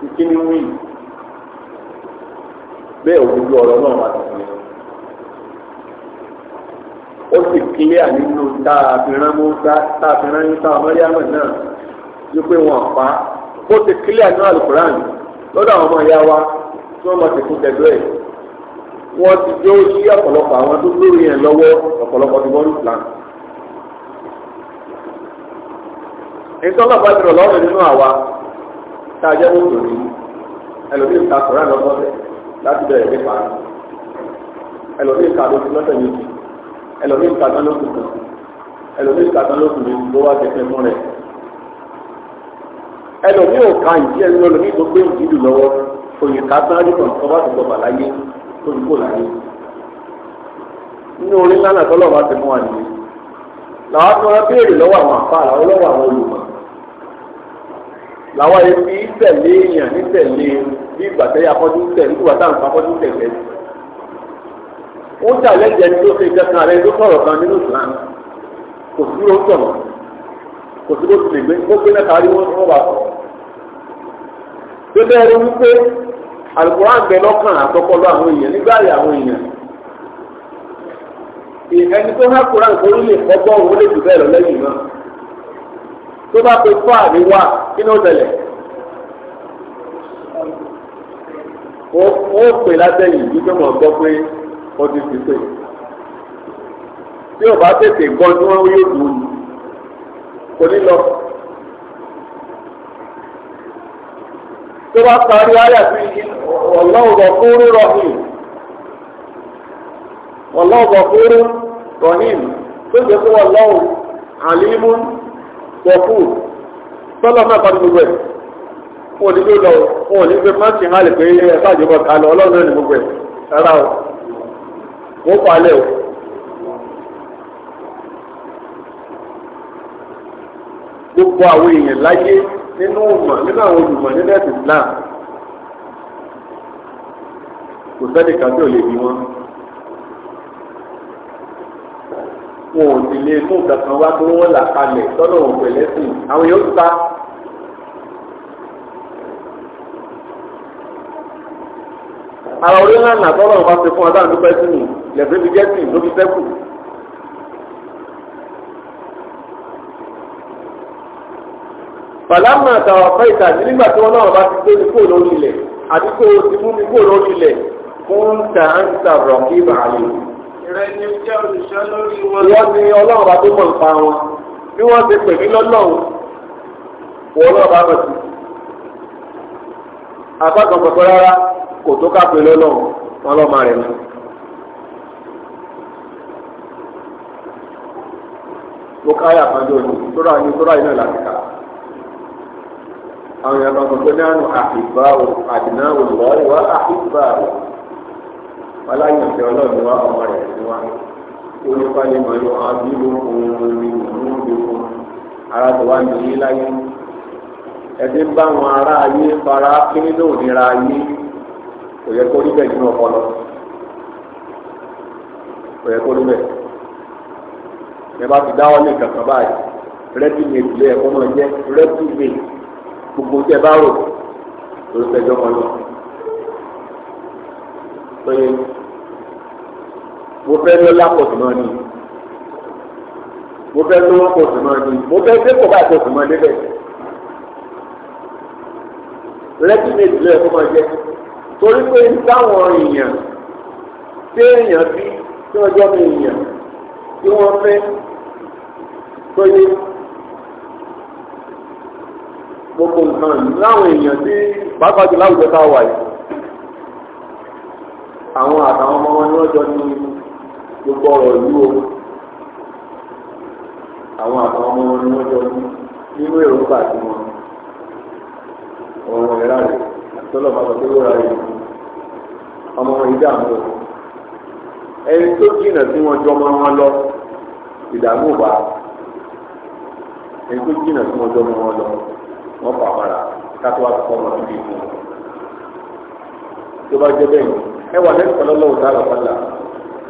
ìkíni wí bẹ́ẹ̀ òdodo ọ̀rọ̀ náà wà sí i ó sì kílíà nínú táàfìrán mọ́tà táàfìrán ní táwọn mọ́ríàmù náà yí pé wọ́n pa ó sì kílíà nínú alukuran lọ́dọ̀ àwọn ọmọ ìyá wa tí wọ́n mọ̀ sí fún tẹ̀dọ́ ẹ̀ wọ́n ti jó sí ọ̀pọ̀lọpọ̀ àwọn tó lórí yẹn lọ́wọ́ ọ̀pọ̀lọpọ̀ wọ́n nítorí ọba ti rọ̀ lọ́rùn nínú àwa tá a jẹ́ mọ́tò rí ẹlòmíì ta kọ̀ọ̀rọ̀ àná lọ́sẹ̀ láti bẹ̀rẹ̀ nípa ẹlòmíì ta lóṣù lọ́sẹ̀ méjì ẹlòmíì ta tán lóṣù kan ẹlòmíì ta tán lóṣù méjì ló wá tẹ̀sẹ̀ fún rẹ̀ ẹlòmíì ò ka ìdí ẹnu ẹlòmíì tó gbé ìdí lù lọ́wọ́ òyìn ká tán ní kọ̀ọ̀kan bá ti gbọ̀bà láyé tó ń kó láyé nínú orí ńlá náà tọ́lọ́ bá ti mú wa nìyí làwọn tó wọn béèrè lọ́wọ́ àwọn àfa àlàó lọ́wọ́ àwọn olùmọ̀ làwọn ẹbí tẹ̀lé èèyàn ní tẹ̀lé bí ìgbà tẹ́yà afọ́jú tẹ̀ ní ìgbà táwọn afọ́jú tẹ̀ tẹ̀. wọ́n tàlẹ́ jẹ́ ní tó ṣe kankan rẹ̀ ló sọ̀rọ̀ kan nínú Islam kò sí ló sọ̀rọ̀ kò sí ló ti lè gbé ó gbé mẹ́ta rí wọ́n wọ́n bá sọ. bẹ́ẹ̀ rí wípé Al-Qur'an ń bẹ lọ́kàn àtọkọlọ àwọn èèyàn nígbà yà àwọn èèyàn ẹni tó há Qur'an kò lè kọ́gbọ́n òun tó bá pe fún àríwá kí ni ó tẹ̀lẹ̀ wọ́n pè látẹ̀yìn yìí tó mọ̀ gbọ́ pé wọ́n ti ti pè tí ò bá tètè gbọ́ tí wọ́n yóò dùn ún kò ní lọ. tó bá parí ayà sí ọlọ́ọ̀bọ̀ fúrú rọ̀hìn ọlọ́ọ̀bọ̀ fúrú rọ̀hìn tó jẹ́ pé ọlọ́ọ̀ àlímú. wọ̀kú tọ́lọ́ náà kọ́ni gbogbo ẹ̀ fún òní tó lọ fún òní pé má sì hàn lè pé ẹ bá ìjọba lọ ọlọ́run ní gbogbo ẹ̀ rárá o wọ́n o. gbogbo àwọn èèyàn láyé nínú ọmọ nínú àwọn nínú ẹ̀sìn kò sẹ́ni ò lè bí wọn. wọn ò sì lè mú kankan wá pé wọ́n là kalẹ̀ lọ́nà òun pẹ̀lẹ́ sí i àwọn yóò ta. ara orí ńlá nà tọ́lọ̀ nǹkan ṣe fún adáàdú pẹ́ sínú lẹ́sẹ̀ fi jẹ́ sí ló fi sẹ́kù. bàlámà àtàwọn ọ̀pẹ́ ìtàjì nígbà tí wọ́n náà bá ti gbé ní kúrò lórí ilẹ̀ àdúgbò ti mú mi kúrò lórí ilẹ̀ fún tàǹtà rọ̀kì bàálù ìyá ni ọlọ́run bá tó mọ̀ nípa wọn bí wọ́n ti pè mí lọ́lọ́run wọ́n ọlọ́run bá mọ̀ sí. àbákan pẹ̀pẹ́ rárá kò tó ká pè lọ́lọ́run wọn lọ́ọ́ máa rẹ̀ mí. mo ká yà kan lónìí tóra ní tóra iná láti kà àwọn yàrá kan tó ní àná àfìbáwò àdínáwò lọ́wọ́ àfìbáwò aláyọ̀fẹ́ ọlọ́run wá ọmọ rẹ̀ sí wa olùkọ́nìmọ̀ ló hàn bí ló fún un ní ìlú gbogbo ara tó wá ní ilé láyé ẹbí bá wọn ará ayé fara kíní ló nira ayé kò yẹ kó níbẹ̀ nínú ọpọlọ kò yẹ kó níbẹ̀ ẹ bá ti dáwọ́ ní kankan báyìí rẹ́díìmì ìdílé ẹ̀kọ́ náà jẹ́ rẹ́díìmì gbogbo tẹ bá rò lórí pẹ̀jọ́ kan náà mo fẹ́ lọ́lá pọ̀ sí mọ́ ni mo fẹ́ lọ́wọ́ pọ̀ sí mọ́ ni mo fẹ́ dé kò bá pọ̀ sí mọ́ níbẹ̀ rẹ́gímẹ̀tì lọ́yẹ̀ kó máa jẹ́ torí pé táwọn èèyàn tí èèyàn bí tí wọ́n jọ́ mi èèyàn tí wọ́n fẹ́ tó yé gbogbo nǹkan láwọn èèyàn tí pàápàá jù láwùjọ tá a wà yìí àwọn àtàwọn ọmọ wọn ni wọ́n jọ gbogbo ọ̀rọ̀ yìí o àwọn àtàwọn ọmọ wọn ni wọ́n jọ ní nínú èròǹgbà tí wọ́n ọ̀rọ̀ ìlà rẹ̀ àtọ́lọ̀ bàbá tó lóra rẹ̀ ọmọ wọn ìdá àmọ́ ẹni tó jìnnà tí jọ wọn lọ ìdààmú bá ẹni tó jìnnà tí jọ wọn lọ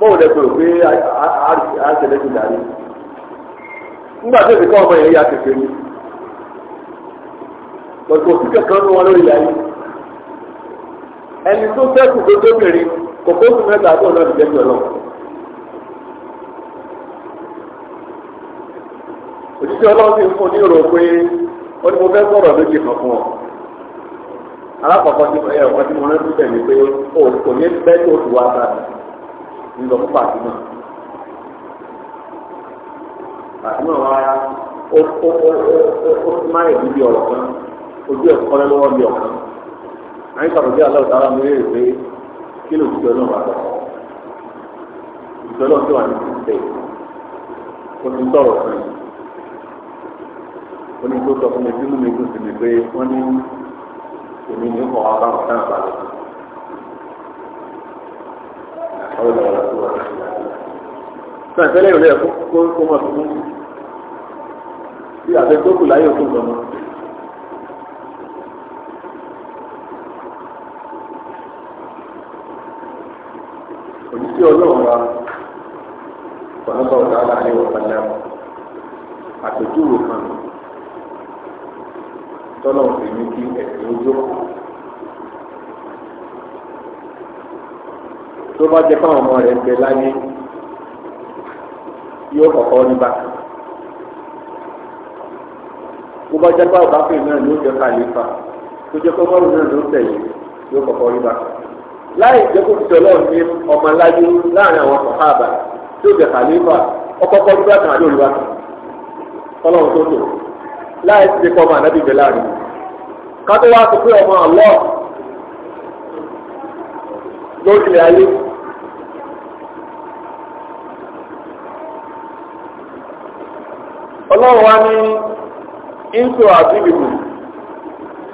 bọ́ọ̀ lẹ pé òfin àṣẹlẹ́sìn dàrí nígbà tó ti kọ́ ọmọ yẹn yá kékeré ni òfin kankan ní wọn lórí ìyá ẹni tó sẹ́kù tó tóbìnrin kò kóòtù mẹ́ta tó náà ti lọ. òṣìṣẹ́ ọlọ́run ti fún ní ìrò pé ó ní mo fẹ́ sọ̀rọ̀ lójì ọ alákọ̀ọ́kọ́ ti tí ńlọ fún Fatima Fatima wa ó ó ó ó ó máa yẹ níbi ọ̀rọ̀ kan ojú ẹ̀ kọ́lẹ́ lọ́wọ́ bí ọ̀kan àyìn kàrọ̀ bí aláwọ̀ sára mi rèé pé kí ló dùjọ́ náà wà lọ dùjọ́ náà tó wà ní títẹ̀ kó ti sọ̀rọ̀ fún yìí ó ní tó sọ fún mi tí mú mi dùn sí mi pé wọ́n ní èmi ní kọ́ wa bá wọn sáà balẹ̀ sí. حول ولا قوة إلا بالله فأنت لا يولي يقول كما تقول في هذا الكوكو لا يكون ضمان òjísé ọlọ́run wa ọ̀nàbọ̀ọ̀dà aláàárín ọ̀pẹ̀lẹ̀ àpèjúwe kan tọ́lọ̀ fi ní kí ẹ̀sìn ojú ọ̀pọ̀. tó bá jẹ fáwọn ọmọ rẹ̀ ń bẹ láyé yóò kọ́kọ́ níbà tó bá jẹ fáwọn bàbá náà yóò jẹ kàlífà tó jẹ fáwọn ọmọ náà ló tẹ̀lé yóò kọ́kọ́ níbà láì jẹ́ kó ti tọ́lọ́ ní ọmọ láyé láàrin àwọn sọ̀háàbà tó jẹ kàlífà ọkọ̀kọ́ níbà kan àdó olùwà ọlọ́run tó tò láì ti kọ́ ọmọ ànábì bẹ̀ láàrin kátó wá sọ pé ọmọ àlọ́ lórí ayé. ọlọ́run wá ní intro àti ìbìkù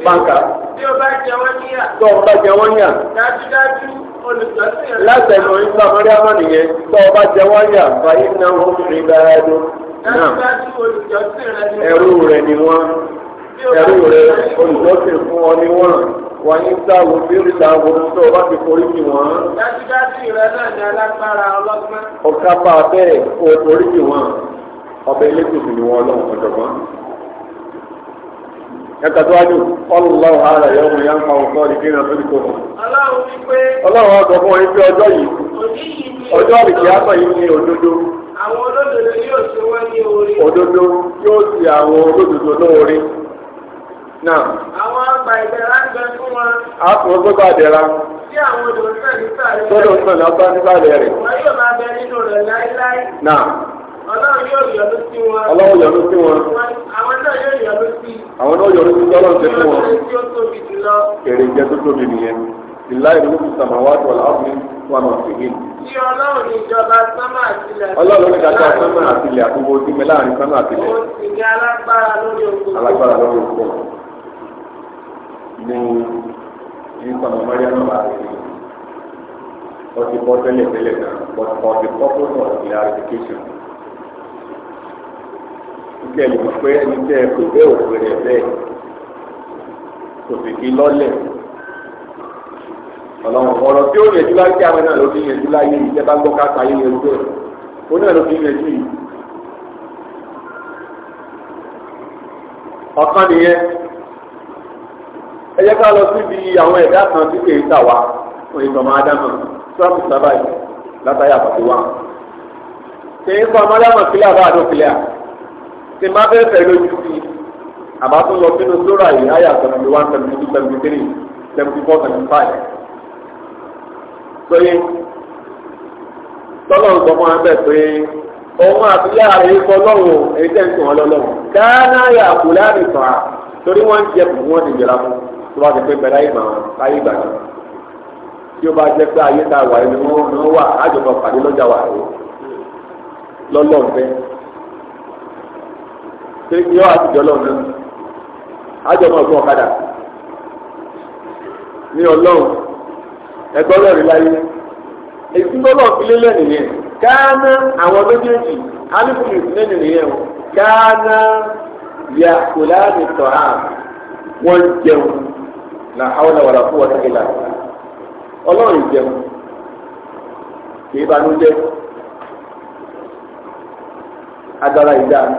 báńkà. bí o bá jẹ wọ́n níyà. tó o bá jẹ wọ́n níyà. dájúdájú olùjọ́sìn rẹ̀. látẹnu ìgbà mọ́ríámọ́ nìyẹn tó o bá jẹ wọ́n níyà fàyè náà wọ́n fi rí dára dún. dájúdájú olùjọ́sìn rẹ̀ ni wọ́n. ẹrú rẹ̀ ni wọ́n. ẹrú rẹ̀ olùjọ́sìn fún ọ ni wọ́n wà ní sáwọ bírí sáwọ tó o bá ti forí jì wọ́n. dájúdájú ìrẹ́ náà ni alágbára ọlọ́gbọ́n. ọ̀kápá bẹ́ẹ̀ kò forí jì wọ́n ọba elétòsí ni wọn lọ́wọ́ ọ̀jọ̀gbọ́n. ẹ̀ka tó wájú ọlọ́wọ́ ara yẹ ọmọ ya ń pa ọ̀sán ọ̀dí kéèyàn tó ti kó wọn. ọlọ́wọ́ ọ̀dọ̀ fún wọn pé ọjọ́ yìí ọjọ́ àbìkí àtọ̀ yìí ni òdodo. àwọn olódodo yóò ṣe wọ́n ní orí. òdodo yóò ṣe àwọn olódodo lóore. náà. àwọn àgbà ìbẹ̀rẹ̀ á gbẹ fún wọn. a kò gbọ́dọ̀ àdẹ̀ra tí àwọn olùsọ̀rọ̀ nípa rẹ̀. gbọ́dọ̀ sọ̀rọ̀ nípa rẹ̀. wọ́n yóò máa bẹ nínú rẹ̀ láéláé. náà. Ọlọ́run yóò yọ̀lú sí wọn. Ọlọ́run yọ̀lú sí wọn. Àwọn náà yóò yọ̀lú sí. Àwọn náà yọ̀lú sí Ọlọ́run jẹ́ fún wọn. Èrè jẹ́ tó tóbi nìyẹn. Ìlà ìlú fi sàmà wá tó àlàáfíà wà máa fi hìn. Ṣé Ọlọ́run ní ìjọba sánmà àtìlẹ̀? Ọlọ́run ní ìjọba sánmà àtìlẹ̀ àtúgbò tí mi láàrin sánmà àtìlẹ̀. Ó sì ní alágbára lórí òkú. Alágbára lórí òkú. Ní ní sọmọ Mọ́ríà náà bá rí wọ́n ti bọ́ tẹ́lẹ̀ tẹ́lẹ̀ náà but for the purpose of clarification kíkẹ́ lè mọ̀ pé ẹni tẹ́ ẹ kò bẹ́ẹ̀ òwe rẹ̀ bẹ́ẹ̀ kò sì fi lọ́lẹ̀ ọlọ́run ọ̀rọ̀ tí ó yẹ ti láyé àwọn náà ló fi yẹ ti láyé ìjẹ́ bá gbọ́ káta yé yẹn bẹ́ẹ̀ ó náà ló fi yẹ sí i. ọ̀kan nìyẹn ẹ jẹ́ ká lọ síbi àwọn ẹ̀dá kan tí kì í tà wá fún ìtọ́mọ adámọ̀ sọ́ọ̀bù sábà yìí látàyà pàtó wa. kì í kọ́ ọmọdé àmọ̀ sílẹ̀ àbá àdókìlẹ̀ à tí n bá fẹ́ fẹ́ lójú sí àbá tó lọ sínú sóra yìí àyà seventy one seventy two seventy three seventy four seventy five sọyìn tọ́lọ̀ nǹkan fún abẹ́ pé òun àtúnyà rẹ̀ kọ́ lọ́wọ́ èyí tẹ̀ ń sùn wọn lọ́wọ́ dáná yà kú láàrin sàn á torí wọ́n ń jẹ kù wọ́n ti jẹra fún tó bá ti pé pẹ̀lú ayé màá láyé ìgbà náà tí ó bá jẹ́ pé ayé tá wà yìí wọ́n wà á pàdé lọ́jà wà lọ́lọ́ọ̀fẹ́ pé yọ àtijọ́ lọ́wọ́ náà ájọ máa fún ọ̀kadà ní ọlọ́run ẹgbọ́n lọ́rin láyé èsì lọ́lọ́ ìpínlẹ̀ lẹ́nu yẹn káánà àwọn méjèèjì alùpùpù lẹ́nu nìyẹn o káánà yà kò láàmì tọ́há wọ́n jẹun là áwọn àwàrà fún wọn kékeré ọlọ́run jẹun kì í banú jẹ agbára ìdáná.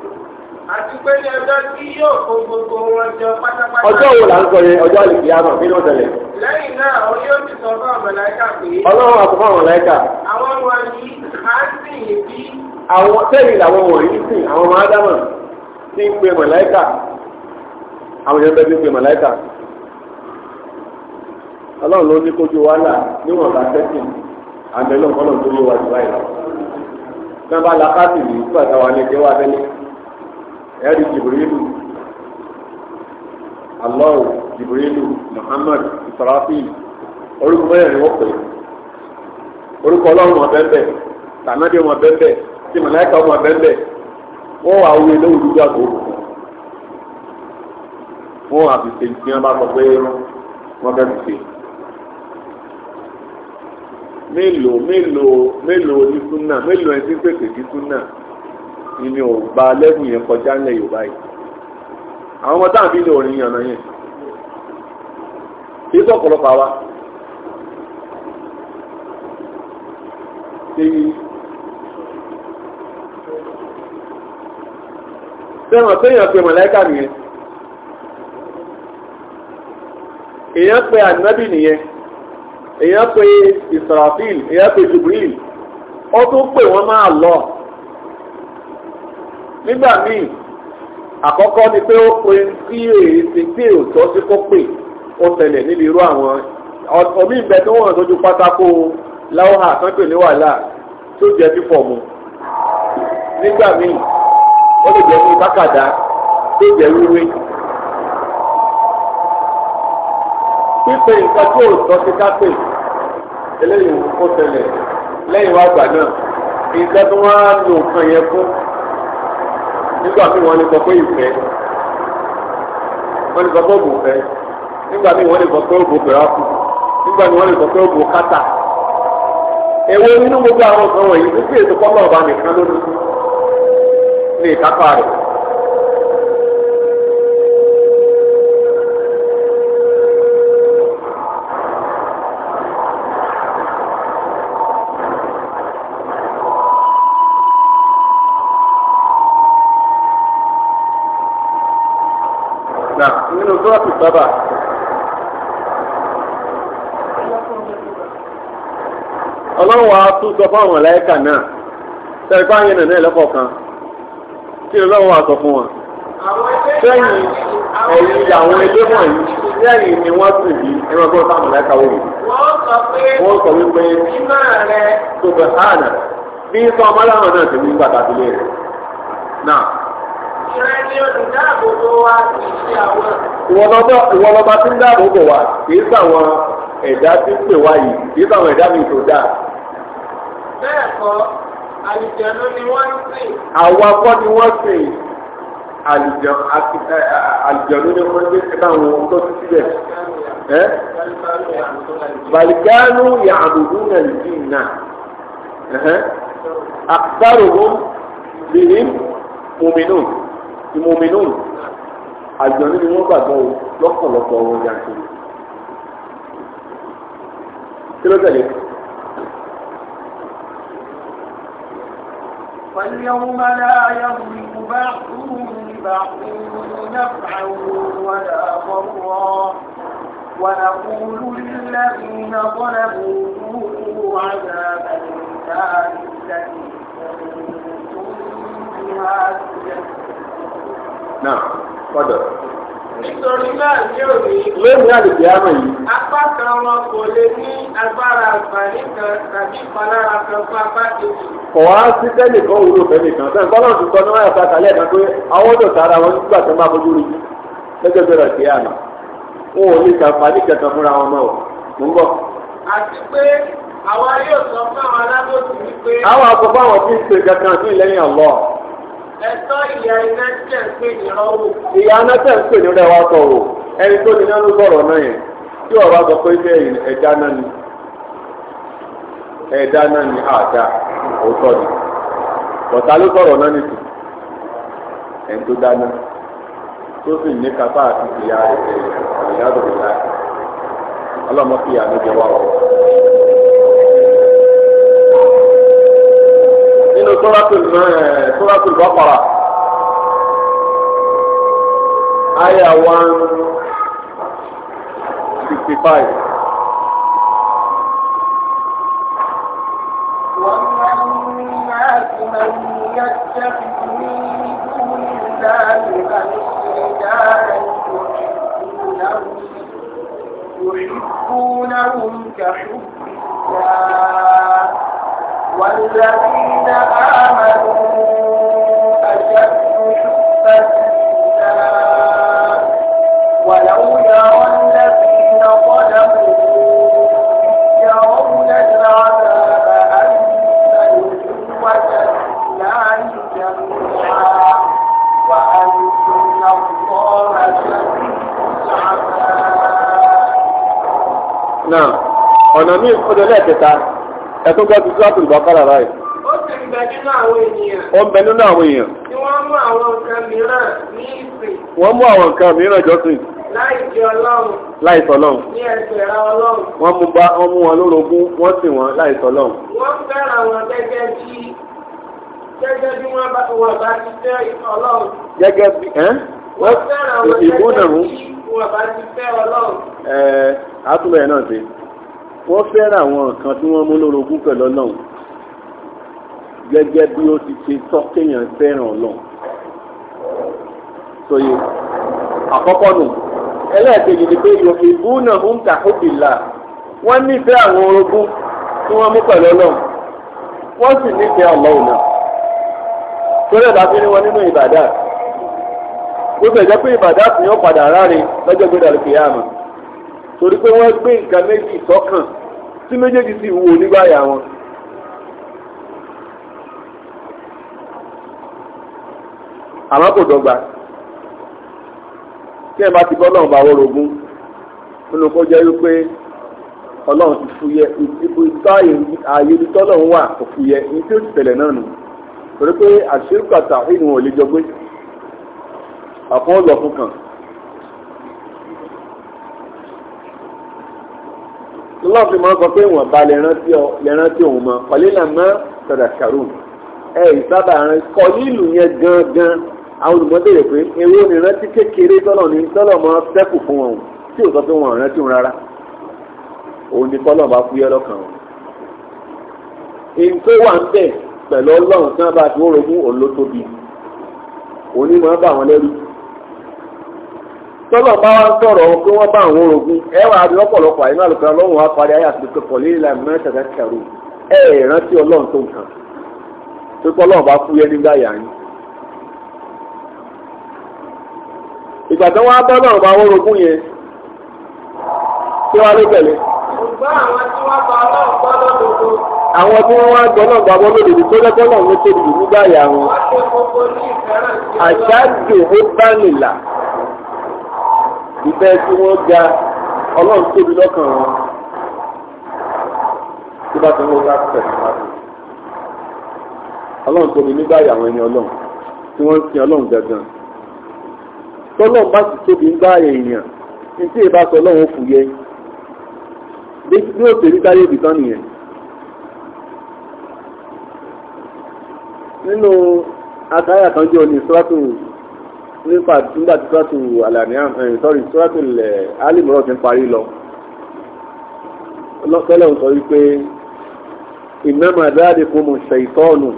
àti pé ní ọjọ́ tí yóò kó gbogbo wọn jọ pátápátá. ọjọ́ wo la ń sọ yẹn ọjọ́ àlèkè àmọ̀ kí ló ṣẹlẹ̀. lẹ́yìn náà o yóò ti sọ fún àwọn pé. ọlọ́run àti fún àwọn àwọn á ọmọ ádámà ń pe àwọn bẹ́ẹ̀ ti ń pe ọlọ́run ló ní ẹ̀rí jìbìrìlù alọ́ọ̀ jìbìrìlù muhammad israfil orúkọ mẹ́rin ni wọ́n pè é orúkọ ọlọ́run wọn bẹ́ẹ̀ tànádé wọn bẹ́ẹ̀ tí màláìka wọn bẹ́ẹ̀ wọ́n wà wúwe lóhùn dúdú àgbo wọ́n wà fi ní wọn bá sọ pé wọ́n bẹ́ẹ̀ fi mélòó mélòó mélòó ní súnà mélòó ẹni tí ń pèsè ní súnà ìmì ò gba lẹ́bù yẹn kọjá ńlẹ̀ Yorùbá yìí àwọn ọmọ táàbí lè orin yànnà yẹn kí sọ̀pọ̀lọpọ̀ àwa ṣe yí sẹ́wọ̀n sẹ́yìn pé mọ̀lẹ́kà nìyẹn èèyàn pé ànábì nìyẹn èèyàn pé Israfil èèyàn pé Jibril ó tún pè wọ́n máa lọ́ọ̀ nígbà míì àkọ́kọ́ ni pé ó pe tí èsì tí òótọ́ sí kó pè ó tẹ̀lẹ̀ níbi irú àwọn omi ìbẹ tó wọ̀n sójú pátákó láwọ́hà sánpè ní wàhálà tó jẹ́ fífọ̀ mu nígbà míì ó lè jẹ́ ní bákàdá tó jẹ́ wíwé. pípe nǹkan tí òótọ́ sí ká pè eléyìí ó tẹ̀lẹ̀ lẹ́yìn wá náà nǹkan tí wọ́n á lo nǹkan yẹn fún nígbà míì wọ́n lè sọ pé ìfẹ́ wọ́n lè sọ pé ògùn fẹ́ nígbà míì wọ́n lè sọ pé ògùn bẹ̀rẹ̀kù nígbà míì wọ́n lè sọ pé ògùn kátà èwo nínú gbogbo àwọn ọ̀sán wọ̀nyí nígbà èso kọ́ńtà ọ̀bà nìkan lónìí ní ìkápá rẹ̀. sábà. ọlọ́run wa tún sọ fún àwọn náà sẹ́yìn bá nàná ẹlẹ́kọ̀ọ́ kan kí ọlọ́run wa sọ fún wọn. sẹ́yìn ẹ̀yìn àwọn ẹgbẹ́ wọ̀nyí sẹ́yìn ni wọ́n sì bí ẹ̀rọ gbọ́dọ̀ fáwọn ọ̀láyíkà wọ̀nyí. wọ́n sọ wípé sọ̀bẹ̀ hànà bí sọ ọmọláwọn náà ti ní pàtàkì lé rẹ̀. náà. ìrẹ́ni olùdáàbòbò wa kì í ṣe àwọn ìwọlọba tí ń dáàbò bò wá kì í sàwọn ẹ̀dá tí ń pè wá yìí kì í sàwọn ẹ̀dá mi tó dáa. bẹ́ẹ̀ kọ́ àlùjẹ̀nu ni wọ́n ń sìn. àwa kọ́ ni wọ́n sìn àlùjẹ̀nu ni wọ́n ń sìn báwọn tó ti síbẹ̀. balikanu yàgùdù nàìjíríà àkàrò wọn bìrì mùmínú ìmùmínú àjọ nínú wọn gbàgbọ́ o lọ́pọ̀lọpọ̀ wọn yàtọ̀ kí ló tẹ̀lé. فاليوم لا يظلم بعضهم لبعض نفعا ولا ضرا ونقول للذين ظلموا ذوقوا عذاب النار التي كنتم بها نعم kọ́dọ̀. nítorí náà ní òní. lónìí àlùkò yà mọ̀ yìí. apá kan wọn kò lè ní agbára àǹfààní kan tàbí ìpalára kan fún apá kejì. kò wá sí tẹ́nìkan wúlò fẹ́nìkan sẹ́yìn kọ́nà ti sọ ní wáyà sàkàlẹ̀ ẹ̀ka pé àwọn ọ̀dọ̀ tààrà wọn nígbà tó máa fojú rí lọ́jọ́ bẹ̀rẹ̀ sí àná. wọn ò ní sàǹfààní kankan fúnra wọn náà mò ń bọ̀. àti pé àwa yóò sọ fún àwọn alábòsí wípé. àwọn àkọ́kọ́ àwọn tí ń ṣe kankan sí lẹ́yìn ọ̀lọ́ọ̀. ẹ̀tọ́ ìyá iná tẹ̀ ń pè ní rọ́wọ́. ìyá iná tẹ̀ ń pè ní rẹwà sọ̀rọ̀ ẹni tó ní náà sọ̀rọ̀ náà yẹn tí ọ̀rọ̀ àgbà pé bẹ́ẹ̀ ẹ̀dá náà ni ẹ̀dá náà ni àdá òótọ́ ni bọ̀tá ló sọ̀rọ̀ náà nìtì ẹni tó dáná tó sì ní kápá àti ìyá láì ọlọ́mọ fi ìyá jẹ wá ọ nínú sọ́látù bọ́kọ̀rà àyà one sixty five. والناس من يتخذ من دون الله أندادا يحبونهم كحب الله والذين آمنوا أشد حبا لله ولو يرى الذين ظلموا يرون العذاب أن العدوة لله جميعا وأن الله شديد العذاب نعم ọ̀nà míì kọjọ lẹ́ẹ̀kẹta ẹ̀tún gbọ́ ti sọ́ọ̀tù ìbọ̀kọ́lá ráì. ó ti gbà nínú àwọn ènìyàn. ó ń bẹ nínú àwọn èèyàn. tí wọ́n mú àwọn nǹkan mìíràn ní ìsìn. wọ́n mú àwọn nǹkan mìíràn jọ́sìn. láì jẹ ọlọ́run. láì sọlọ́run. ní ẹsẹ̀ ra ọlọ́run. wọ́n mú bá wọ́n mú wọn lórogún wọ́n sì wọ́n láì sọlọ́run. wọ́n fẹ́ràn wọn gẹ́gẹ́ bí gẹ́gẹ́ bí wọ́n bá ti fẹ́ ọlọ́run. gẹ́gẹ́ bí ẹ́ wọ́n fẹ́ràn wọn gẹ́gẹ́ bí wọ́n bá ti fẹ́ ọlọ́run. ẹ̀ẹ́ àtúbẹ̀ náà ti wọ́n fẹ́ràn àwọn nǹkan tí wọ́n mú lórogún pẹ̀lú ọlọ́run gẹ́gẹ́ bí ó ti ṣe tọ́kéèyàn fẹ́ràn ọlọ́run sóye àkọ́kọ́ nù ẹlẹ́ẹ̀kejì ni pé yòókì búnà ń ta òbílà wọ́n nífẹ̀ẹ́ àwọn orogún tí wọ́n mú pẹ̀lú ọlọ́run wọ́n sì nífẹ̀ẹ́ ọlọ́run náà torí ẹ̀dá fi ní wọn nínú ìbàdàn gbogbo ìjọ pé ìbàdàn sì yóò padà ráre lọ́jọ́ gbé dàrú kìí àmọ́ torí pé wọ́n gbé nǹkan méjì sọ́kàn tí méjèèjì sì wúwo nígbàyà wọn. àmọ́ kò dọ́gba tí ẹ bá ti bọ́ lọ́run bá wọ́n rogún nínú kó jẹ́ wípé ọlọ́run ti fúyẹ́ ìdíbò táyé ààyè ibi tọ́lọ́run wà kò fúyẹ́ ní tí ó ti tẹ̀lẹ̀ náà nù torí pé àṣírí pàtàkì ìwọ̀n ò lè jọ gbé ọ̀kan ó kan. lọ́wọ́ fi máa sọ pé ìwọ̀nba lè rántí òun mọ́ kọ́lílà mọ́ sọ̀dà sharon ẹ ìsábà rán kọ́lílù yẹn gangan àwọn olùmọ̀ béèrè pé ewé ò ní rántí kékeré tọ́lọ̀ ní tọ́lọ̀ mọ́ sẹ́kù fún wọn tí ò sọ pé wọn ò rántí òun rárá òun ni kọ́lọ̀ bá fúyẹ́ lọ́kàn wọn. èyí tó wà ń bẹ̀ pẹ̀lú ọlọ́run tí wọ́n bá ti wọ́n rogún òun ló tóbi òun ni wọ́n bá wọn lẹ́rù tọ́lọ̀ bá wá ń sọ̀rọ̀ kí wọ́n bá àwọn orogún ẹ wàá ọ̀pọ̀lọpọ̀ ọlọ́run wá parí ayé àti pẹ̀pọ̀ kẹrù rántí ọlọ́run tó nǹkan tó bá fúyẹ́ nígbà ìgbà tí wọ́n á náà bá wọ́n yẹn tí wọ́n á lé tẹ̀lé. àwọn tí wọ́n wá ìfẹ́ tí wọ́n ga ọlọ́run tóbi lọ́kàn wọn tí bá ti ń wọ́n láti tẹ̀sán láti ọlọ́run tóbi nígbà àwọn ẹni ọlọ́run tí wọ́n ń sin ọlọ́run gangan tọ́lọ́run bá sì tóbi ń bá èèyàn ní tí èèbá sọ ọlọ́run fù yẹ bí ó tèrí táyé ibì kan nìyẹn nínú àtàyà kan jẹ́ òní sọ́tò nípa nígbà tí sọ́ọ̀tù alàníà eh, sọ́ọ̀rì sọ́ọ̀tù alìmọ́ràn ti ń parí lọ tẹ́lẹ̀ ń sọ wípé ìmẹ́mà dáadé kò mọ̀ ṣe ìtọ́ọ̀nù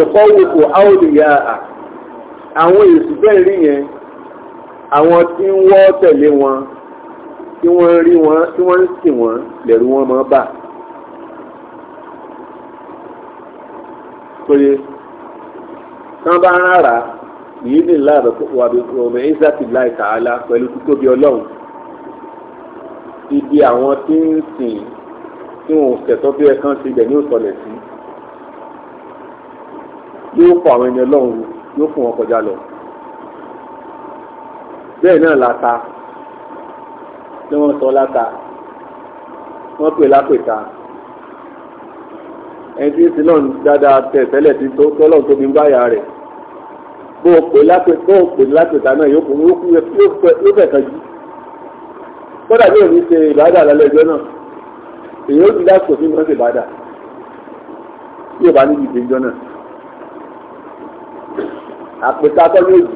ìkọ́wòkò áòlìyà àwọn èsì bẹ́ẹ̀ rí yẹn àwọn tí ń wọ́ tẹ̀lé wọn tí wọ́n rí wọn tí wọ́n ń sìn wọn lẹ̀rú wọn mọ́ bà. Oye tán bá ń rà yìí ní láàbẹ̀ wàbẹ̀ ìsàtì láì tààlà pẹ̀lú títóbi ọlọ́run ibi àwọn tí ń sìn tí wọn ò tẹ̀tọ́ bí ẹ̀kan ti ibẹ̀ ní òsọlẹ̀ sí yóò fọ àwọn ẹni ọlọ́run yóò fún wọn kọjá lọ bẹ́ẹ̀ náà láta tí wọ́n sọ láta wọ́n pè lápèta ẹni tí ìsìn náà dáadáa tẹ̀ tẹ́lẹ̀ tí tọ́lọ̀ tóbi ń báyà rẹ̀ bó o pè lápè bó o pè lápèta náà yóò kún yóò fẹ̀ kan jù kódà bí òní ṣe ìbádà lálẹ́ ẹjọ́ náà èyí ó ti dáàbò sí mọ́ sí ìbádà tí ò bá níbi ìdíjọ́ náà àpèta tọ́lú èjì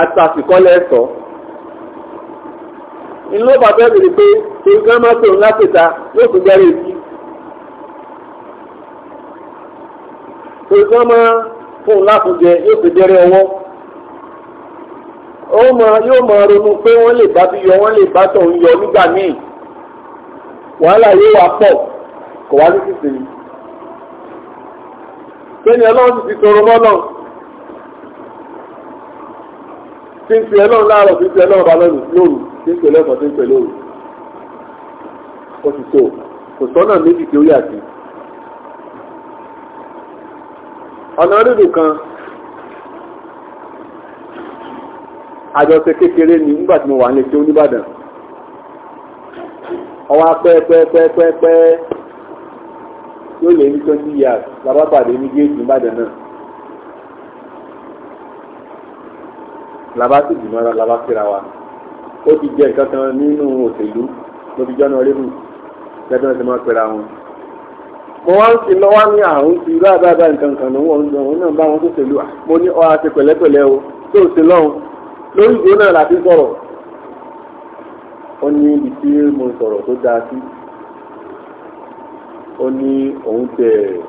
àtàkùkọ́lẹ̀ ẹ̀sọ́ inú ló bá fẹ́ bèrè pé nǹkan máa tó ńlá pèta yóò tún gbẹ́rẹ́ èsì. nǹkan máa fún ńlá fún jẹ yóò tún gbẹ́rẹ́ ọwọ́. ó máa yóò máa ronú pé wọ́n lè bá bí yọ wọ́n lè bá tọ̀ ń yọ nígbà míì. wàhálà yóò wá pọ̀ kò wá ní sísèyí. sẹ́ni ọlọ́run ti tọrọ mọ́nà fi ń fi ọlọ́run láàárọ̀ fi ń fi lóru tí ń pẹ̀lú ọ̀sán tí ń pẹ̀lú òru oṣù tó kò sọ́nà méjì tí ó yà sí. ọ̀nà rírù kan àjọṣe kékeré ni nígbà tí mo wà ní ṣe oníbàdàn ọwọ́ pẹ́ẹ́pẹ́ẹ́pẹ́ẹ́pẹ́ yóò lé ní twenty years lábàbàdé ní géètì níbàdàn náà. làbá sì jùmọ́ra làbá síra wa ó ti jẹ nǹkan kan nínú òṣèlú ló fi jọ́nà rébù lẹ́gbẹ́ ọ̀sẹ̀ máa pẹ̀lú àwọn. mo wá ń sin lọ́wọ́ ní àrùn ti irú àbáàbá nǹkan kan ní wọ́n ń òun náà bá wọn tó ṣèlú mo ní ọ̀rá ti pẹ̀lẹ́pẹ̀lẹ́ o tó ṣe lọ́hùn lórí ìgbó náà láti sọ̀rọ̀ ó ní ibi tí mo sọ̀rọ̀ tó dáa sí ó ní òun tẹ̀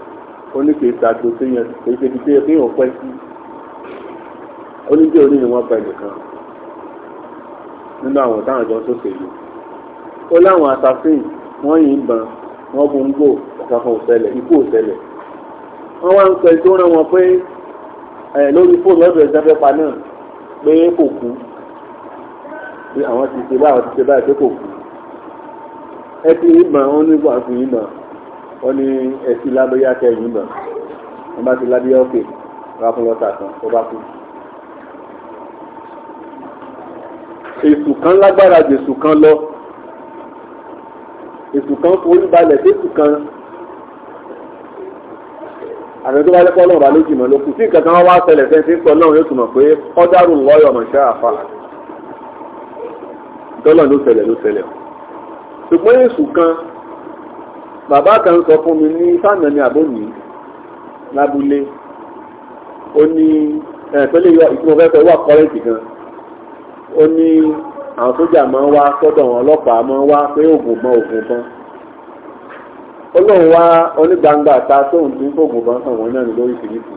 ó ní kì í ṣàgbo téèyàn kì í ṣe ibi téèyàn pẹ́ sí ó ní jẹ́ oníyìnbọn pẹ̀lú kan nínú àwọn táwọn jọ ń ṣòṣèlú ó láwọn assassin wọ́n yìnbọn wọ́n bu ń gbò ọ̀kankan òṣẹlẹ̀ ikú òṣẹlẹ̀ wọ́n wá ń pẹ tó rán wọn pé lórí fóònù ọ̀dọ̀ ìjọba pa náà pé kò kú pé àwọn ti ṣe báyìí ti ṣe báyìí pé kò kú ẹ ti yìnbọn wọn ní ìgbà fún yìnbọn wọn ní ẹtì lábẹ́yà kẹ yìnbọn wọn bá ti lábẹ́yà òkè wọn bá fún lọ́tà kan wọn bá kú. èṣù kan lágbára jèṣù kan lọ èṣù kan forí balẹ̀ jésù kan àmì tó bá lẹ́kọ́ ọlọ́run bá lójì mọ́ ló kù tí nǹkan kan wá ṣẹlẹ̀ fẹ́ ti ń sọ ọlọ́run yóò tún mọ̀ pé kọ́dárù lọ́yọ̀ mọ̀ṣẹ́ àfà dọ́lọ̀ ló ṣẹlẹ̀ ló ṣẹlẹ̀ ṣùgbọ́n èṣù kan bàbá kan sọ fún mi ní sáànà ní àbómi lábúlé ó ní ẹ̀ẹ́dẹ́gbẹ̀lẹ́ ìtumọ̀ fẹ́ fẹ́ wà kọ́rẹ́ǹtì gan-an ó ní àwọn sójà máa ń wá sọ́dọ̀ wọn ọlọ́pàá máa ń wá pé oògùn bọ́n oògùn bọ́n ó lóun wá onígbangba ta tóun tún fóògùn bọ́n hàn wọ́n náà ní lóríṣiríṣi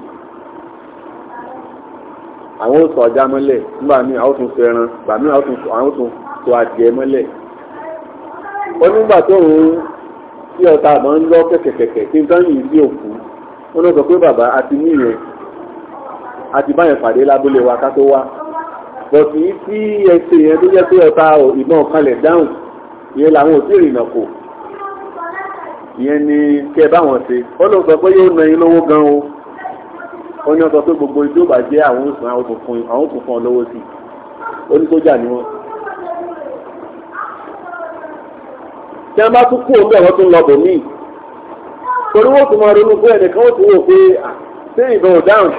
àwọn oṣù ọjà mọ́lẹ̀ nígbà míì àwọn tún so ẹran gbà míì àwọn tún so adìẹ mọ́lẹ̀ ó nígbà tóun tí ọ̀tá àbọ̀ ń lọ kẹ̀kẹ̀kẹ̀kẹ̀ tí nǹkan yìí sí òkú ó lọ sọ pé bàbá àti níyẹn àti báyẹn pàdé lábúlé wa ká tó wá bọ̀tí tí ẹsẹ̀ yẹn tó jẹ́ pé ọta ìbọn kanlẹ̀ dáhùn ìyẹn làwọn ò sí ìrìnà kò ìyẹn ni kẹ báwọn ṣe ó lọ sọ pé yóò na yín lówó gan o ó ní ọsọ pé gbogbo ìjọ bá jẹ́ àwọn òsùn àwọn òkùnfún àwọn òkùnfún ọlọ́wọ́ sí ó ní sójà ni wọn. tí wọ́n bá tún kú òun bẹ̀ wọ́n tún lọ bòmíì torí wọ́n tún máa ronú pé ẹnìkan ó tún wò pé ah, ṣé ìbọn ò dáhùn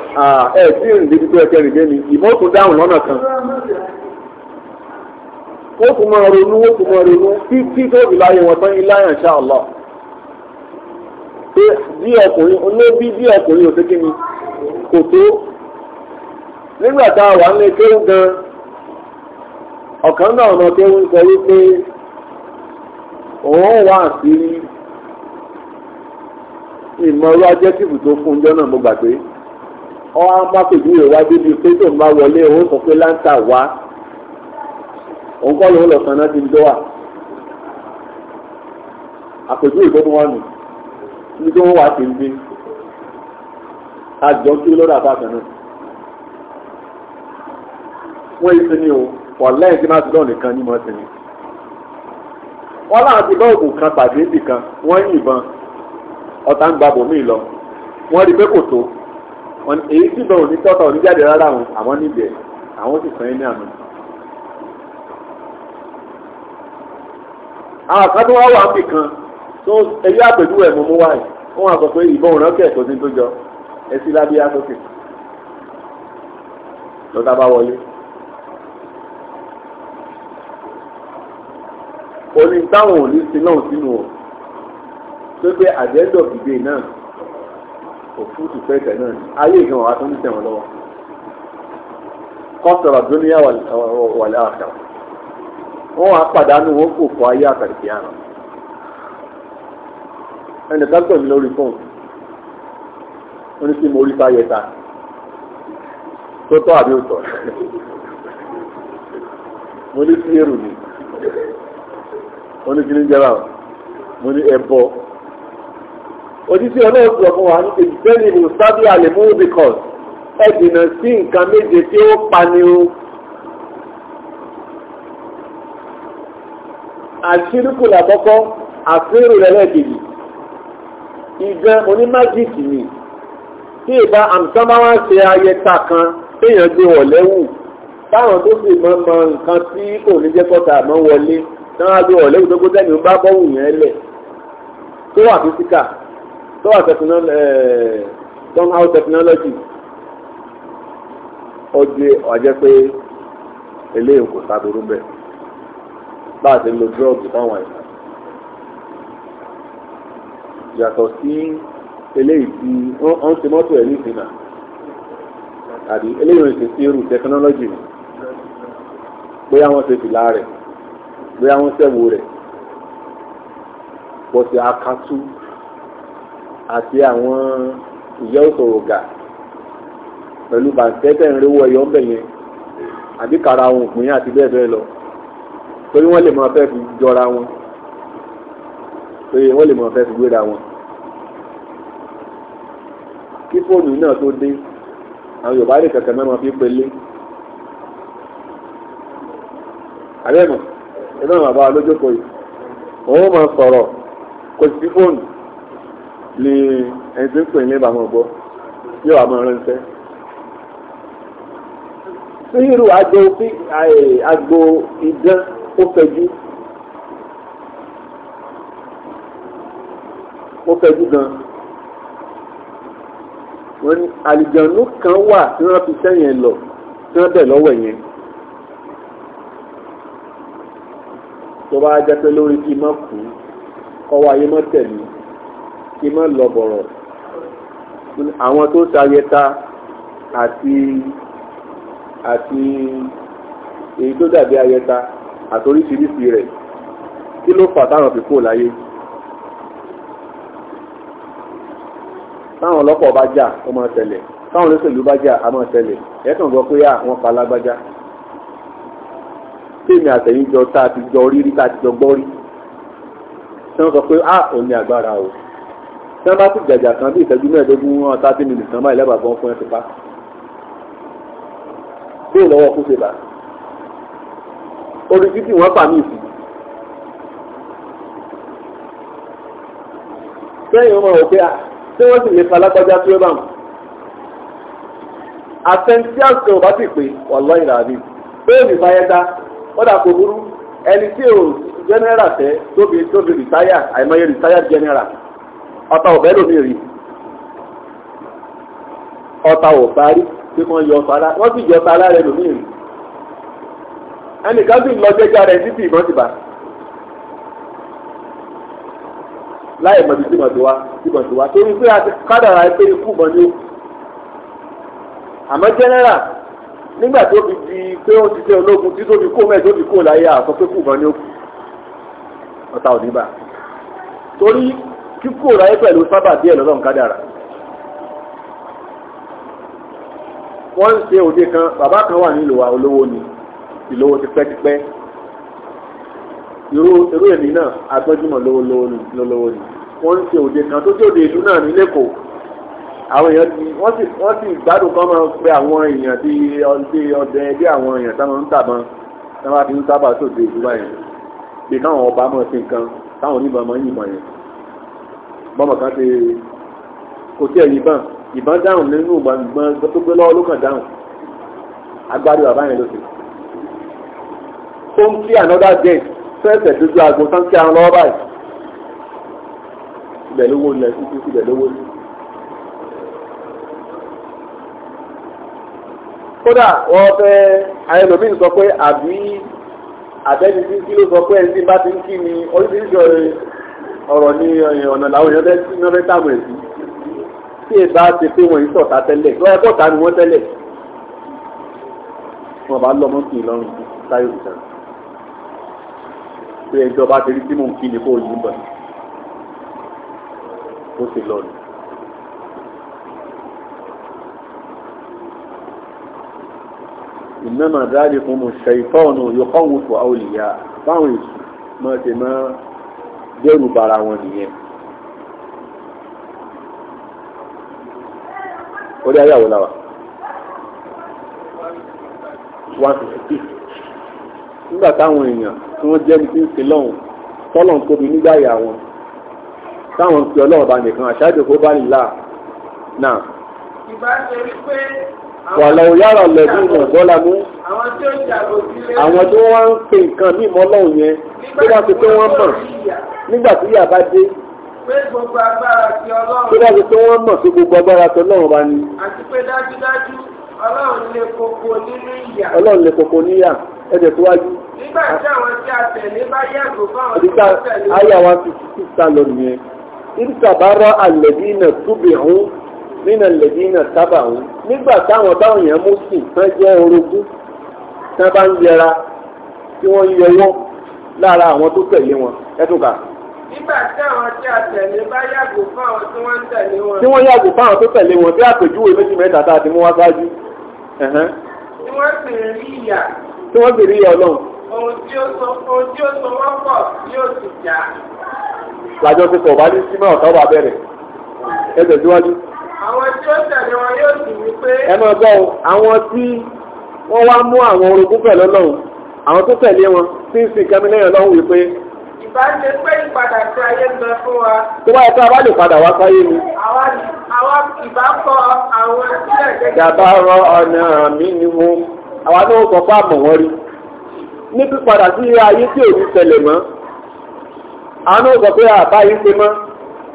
ẹ tí ì níbi tó ẹkẹ rìn lẹ́ni ìbọn tún dáhùn lọ́nà kan. ó tún máa ronú ó tún máa ronú títí tó fi láyé wọn tán ilá yàn ṣá ọ̀lọ́. pé bí ọkùnrin olóbí bí ọkùnrin ò ṣe kí ni kò tó. nígbà tá a wà ní kéwù gan ọ̀kan náà ọ̀nà kéwù sọ wípé òun wà sí ìmọ̀rú ajẹ́tìfù tó fún un jọ́nà mo gbà pé ọ̀hún amákòjú rẹ̀ wá débi pé tó ń bá wọlé òun sọ pé láǹtà wá òun kọ́ lòun lọ sàn náà ti ń dọ́wà àpèjú ìgbóhùn wọn nù ní tí wọ́n wà sí ń bí àjọ kí lọ́dọ̀ àbákan náà wọ́n yìí sinmi o wà lẹ́yìn tí máa ti dán nìkan ní mọ́ sinmi wọ́n láti bá òògùn kan pàdé nìkan wọ́n yìnbọn ọ̀tá ń gba bòmíì lọ wọ́n rí pé kò tó èyí tí ìbọn òní tọ́ta òní jáde rárá àwọn àwọn níbẹ̀ àwọn sì sàn ní àná. àwọn kan tó wá wà ń bì kan tó ẹyẹ àpèjúwe mo mú wáyé wọ́n wá sọ pé ìbọn òun ránkẹ́ ẹ̀kọ́ sí tó jọ ẹ sí lábẹ́ asókè lọ́tà bá wọlé. oní táwọn òní sí sínú o tó pé at the end of the day náà òfúrufú pẹ́ẹ́tẹ̀ náà ni ayé ìgbìmọ̀ wa tó ń tẹ̀wọ̀n lọ́wọ́ kọ́sọ̀rọ̀ dúníyà wà láàkà wọ́n wá pàdánù wọn kò fọ ayé àkàrìkì àná ẹnì kan pè mí lórí fóònù ó ní kí mo rí fáyẹta tó tọ́ àbí òtọ́ mo ní sí èrò ni mo ní kí ní jẹ́ báwọn mo ní ẹ̀bọ òjíṣẹ́ ọlọ́run sọ fún wa ní kejì fẹ́ẹ́lì ní sábì àlèmú bíkọ́s ẹ dènà sí nǹkan méje tí ó pani o. àṣírùkù làkọ́kọ́ àṣírù lẹ́lẹ́kejì ìgbẹ́ onímájìkì ni tí ìbá àmsámáwá ṣe ayẹta kan téèyàn gbé wọ̀lẹ́wù táwọn tó sì mọ mọ nǹkan tí kò ní jẹ́ kọ́ta àmọ́ wọlé náà gbé wọ̀lẹ́wù tó gbé tẹ́lẹ̀ ń bá bọ́wù yẹn lẹ̀ tó wà físíkà tó wà somehow technology ó di ọ̀jẹ́ pé eléyìí kò sábòrú bẹ́ẹ̀ bá a ti lo drug fáwọn àìsàn yàtọ̀ sí eléyìí tí wọ́n ti mọ́tò ẹ̀ nísìnyí náà àbí eléyìí wọn sí irú technology ni bóyá wọ́n ṣe fìlà rẹ̀ bóyá wọ́n ṣẹ̀wò rẹ̀ bọ́sẹ̀ akátú àti àwọn ìyá òṣòrògà pẹ̀lú bàǹtẹ́tẹ̀ ń rówó ẹyọ ń bẹ̀ yẹn àbí kàrà àwọn òpin àti bẹ́ẹ̀ bẹ́ẹ̀ lọ torí wọ́n lè máa fẹ́ fi jọra wọn pé wọ́n lè máa fẹ́ fi gbéra wọn kí fóònù náà tó dé àwọn Yorùbá lè kẹ̀kẹ́ mẹ́mọ́ fi pelé àbẹ́mọ̀ ẹgbẹ́ màbá wa lójókòó yìí òun máa sọ̀rọ̀ kò sí fóònù ní ẹni tí ń pè ní bàmọ̀ gbọ́ yóò wà máa ránṣẹ́. síhìrù agbo fi agbo idán ó fẹjú ó fẹjú gan wọ́n ní àlìjànú kan wà tí wọ́n fi sẹ́yìn lọ tí wọ́n bẹ̀ lọ́wọ́ yẹn. tó bá jẹ́ pé lórí kí n má kú kọ́ wa ayé má tẹ̀lé kí n má lọ bọ̀rọ̀ àwọn tó ṣayẹta àti àti èyí tó dàbí ayẹta àtoríṣiríṣi rẹ̀ kí ló fà táwọn fi kó láyé táwọn ọlọ́pọ̀ bá jà ó máa tẹ̀lẹ̀ táwọn olóṣèlú bá jà á máa tẹ̀lẹ̀ ẹ̀ẹ́kàn gbọ́ pé à wọ́n pa lágbájá tèmi àtẹ̀yìn jọ tá a ti jọ rí rí tá a ti jọ gbọ́ rí tí wọ́n sọ pé à òun ni o tí wọ́n bá ti jàjà kan bí ìtẹ́jú mẹ́ẹ̀ẹ́dógún wọn thirty minutes kan báyìí lẹ́bàá gan fún ẹ ti pa bí ìlọ́wọ́ kú ṣe bá orí títì wọ́n fà mí ìsì. sẹ́yìn ọmọ òkè à tí wọ́n sì lè fa alágbájá tó bá wọn. àtẹ̀ntí àṣẹ ò bá ti pè wàlọ́ ìràbí bẹ́ẹ̀ni fàyẹ́ta kọ́dà kò burú ẹni tí ò jẹ́nẹ́rà tẹ́ tóbi tóbi rìtáyà àìmọye rìtáyà jẹ́nẹ́rà ọta ọ̀bẹ lómi rí ọta ọ̀bá rí tí wọ́n yọ ọta lára wọ́n sì yọ ọta lára lómi rí ẹnìkan sì lọ jẹjẹ rẹ títí ìbọn ti bà láì mọ̀ bí tí mọ̀ tó wá tí mọ̀ wá torí pé kádàrá pé ikú mọ̀ ní o àmọ́ jẹ́nẹ́rà nígbà tó fi di pé ó ti jẹ́ ológun tí tó fi kó mẹ́ẹ̀ tó fi kó láyé àsọ pé kù mọ̀ ní o ọ̀tá ò ní bà kíkú ráyé pẹ̀lú sábà díẹ̀ lọ́dọ̀ kádàrà wọ́n ń se òde kan bàbá kan wà nílùú wa olówó ni ìlówó tipẹ́tipẹ́ irú èmi náà agbẹ́jùmọ̀ lówó ni wọ́n ń ṣe òde kan tó dé òde ìlú náà ní lẹ́kọ̀ọ́ àwọn èèyàn ti wọ́n sì wọ́n sì gbádùn kan máa pe àwọn èèyàn bí ọdẹ ọdẹ bí àwọn èèyàn táwọn ń tàbọn táwọn fi ń sábà sóde ìlú báyìí bí káwọn ọba mọ̀ sí nǹkan táwọn oníbọn mọ̀ yìnbọn yẹn bọ́mọ̀ kan ti kò tí ẹ̀ yìnbọn ìbọn dáhùn nínú ìbọn tó gbé lọ́wọ́ ló kàn dáhùn agbárí bàbá yẹn ló ti. tó ń kí another day fẹ́ẹ̀fẹ̀ dójú aago tó ń kí àwọn lọ́wọ́ báyìí ibẹ̀ ló wó lẹ̀ títí ibẹ̀ ló wó lẹ̀. kódà wọ́n fẹ́ ayélujára sọ pé àbí àbẹ́ni tí kí ló sọ pé ẹni tí bá ti ń kí ni oríṣiríṣi ọ̀rẹ́ ọ̀rọ̀ ní eh, ọ̀nà làwọn èèyàn náà fẹ́ tààmù ẹ̀sìn tí ẹ bá ti pé wọ́n yìí sọ̀tà tẹ́lẹ̀ lọ́yẹ pọ̀tà ni wọ́n tẹ́lẹ̀ wọn bá lọ́mọ kì í lọ́rùn táyé òkúta pé ẹjọ́ bá ti rí tí mò ń kí ni kó yìí ń bọ̀ ó sì lọ nù. ìnáma dáàlì fún mu ṣe ìfọ́ ọ̀nà yòókàwùfù àwòlìyá báwọn èsù máa ti máa dẹ́rù bara wọn nìyẹn. orí ayáwó la wà one fifty six nígbà táwọn èèyàn tí wọ́n jẹ́ ní tí ń ṣe lọ́hùn tọ́lọ̀ ń tóbi nígbà ìyá wọn táwọn ń pe ọlọ́run bá nìkan àṣáájú kó bá nìlá náà. ìbá ṣe wàlọ́ yàrá lẹ́bí ìmọ̀ bọ́lá mú àwọn tí wọ́n ń pè nǹkan ní ìmọ̀ ọlọ́run yẹn tó bá ti pé wọ́n mọ̀ nígbà tí yàrá bá dé tó bá ti pé wọ́n mọ̀ sí gbogbo agbára tó lọ́run bá ní. àti pé dájúdájú ọlọ́run lè koko níyà ẹ̀jẹ̀ tó wájú. nígbà àwọn tí a tẹ̀lé bá yàgò fáwọn tí tẹ̀lé. àyà wa ti sísá lọ nìyẹn. ìtàbára àlẹ́bí náà túbẹ̀ hùn nínú lẹ́dínà sábà wọn nígbà táwọn táwọn èèyàn mú sí tán jẹ́ orogún tí wọ́n bá ń yẹra tí wọ́n ń yẹwọ́ lára àwọn tó tẹ̀lé wọn ẹ̀dùnkà. nígbà táwọn tí a tẹ̀lé bá yàgò fáwọn tí wọ́n ń tẹ̀lé wọn. tí wọ́n yàgò fáwọn tó tẹ̀lé wọn bí àpèjúwe méjì mẹ́ta tá a ti mú wá ṣáájú. tí wọ́n sì rí ìyà. tí wọ́n sì rí ìyà ọlọ́run. ohun tí ó so ohun tí ó so wọ́n pọ̀ yóò sì já. làjọ ti sọ̀ wá ní símọ́ ọ̀tá ọba bẹ̀rẹ̀ ẹ tẹ̀síwájú àwọn tí ó tẹ̀lé wọn yóò sì wí pé. ẹ máa gbọ́ o àwọn tí wọ́n wá mú àwọn orogún pẹ̀lú ọlọ́run àwọn tó tẹ̀lé wọn tí ń sin kẹ́mílẹ́yìn ọlọ́run wí pé. ìbá ṣe pé ìpadà sí ayé ń lọ fún wa. tó bá yẹ ká bá lè padà wá sáyé ni. àwa ìbá kọ àwọn sílẹ̀ gẹ́gẹ́. dàbá rọ ọ̀nà mi ni mo àwa náà sọ fún àmọ̀ wọn rí ní pípadà sí ayé tí ò ní tẹ̀lẹ̀ mọ́ àwọn náà sọ pé àbá yìí mọ́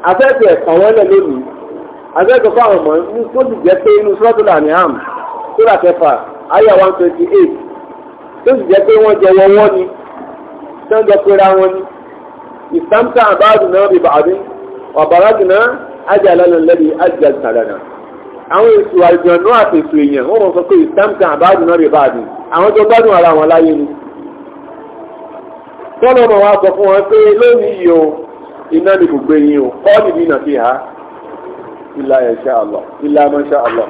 afẹ́fẹ́ ẹ̀kọ́ wọn lẹ̀ abẹ́gbẹ́ fún àwọn ọmọ ní tó sì jẹ́ pé inú sọ́tùlà ní àm sóra kẹfà àyà one twenty eight tó sì jẹ́ pé wọ́n jẹ wọ́wọ́ ni tó ń jọ péra wọn ni ìsámsá àbáàdùn náà bíbá àbí ọ̀bàràdùn náà ájà lẹ́nu lẹ́bi ájà sàdánà àwọn ètò àjọ̀nú àti ètò èèyàn wọ́n mọ̀ sọ pé ìsámsá àbáàdùn náà bíbá àbí àwọn tó gbádùn ara wọn láyé ni tọ́lọ́mọ wa sọ fún wọn pé lónìí yìí o iná ni kò gbé yín o kọ́ọ̀lì mi nà fi hà ilà ẹ̀ṣẹ́ àlọ́ ilà mọ́ṣẹ́ àlọ́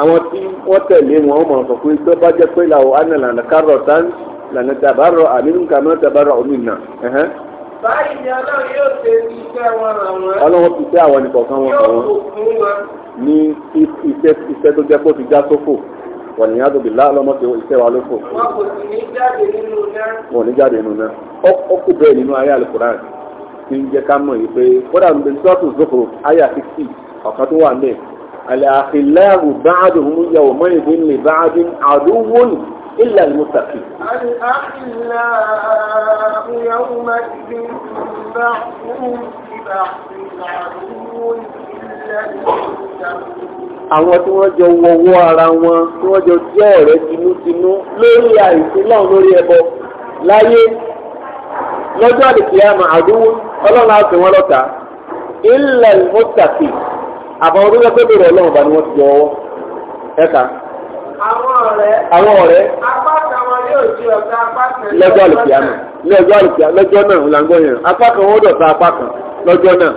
àwọn tí wọ́n tẹ̀lé wọn mọ̀ sọ pé tó bá jẹ́ pé làwọn àna lànà kárọ̀ tán lànà tàbárọ̀ àmínú kàmá tàbárọ̀ omi nà. báyìí ni ọlọ́run yóò ṣe iṣẹ́ wọn ràn wọ́n. ọlọ́run ti tẹ́ àwọn nìkọ̀ọ̀kan wọn kàn wọ́n ní iṣẹ́ tó jẹ́ pé ó ti já sófò wọ́n ní yàtọ̀ bìlá ọlọ́mọ tí iṣẹ́ wa ló fò. wọn kò sì ní jáde nínú náà. wọn ní jáde nínú náà ó kù bẹ́ẹ̀ nínú ayé àlùkò ti ń jẹ́ ká mọ̀ yìí pé kódà ń bẹ sọ́ọ̀tù zòkòrò àyà sixty ọ̀kan tó wà ń bẹ̀. àlàáfíláàrù báàdù ń yàwó mọ́yìndín lè báàdù àdúgbò ní ilà mùsàkì. àlàáfíláàrù yàwó mọ́yìndín báàdù àwọn tí wọ́n jọ wọwọ́ ara wọn tí wọ́n jọ jẹ́ ọ̀rẹ́ tinútinú lórí àìsí náà lórí ẹbọ láyé lọ́jọ́ àlìkìyàmà àdúgbò ọlọ́run àti wọn lọ́ta ilẹ̀ mọ́tàkì àbọ̀n orí lọ́pẹ́ bèrè ọlọ́run bá ni wọ́n ti jọ ọwọ́ ẹ̀ka. àwọn ọ̀rẹ́ lọ́jọ́ àlìkìyàmà lọ́jọ́ àlìkìyàmà lọ́jọ́ náà làǹgọ́ yẹn apá kan wọ́n dọ̀ta apá kan lọ́jọ́ náà.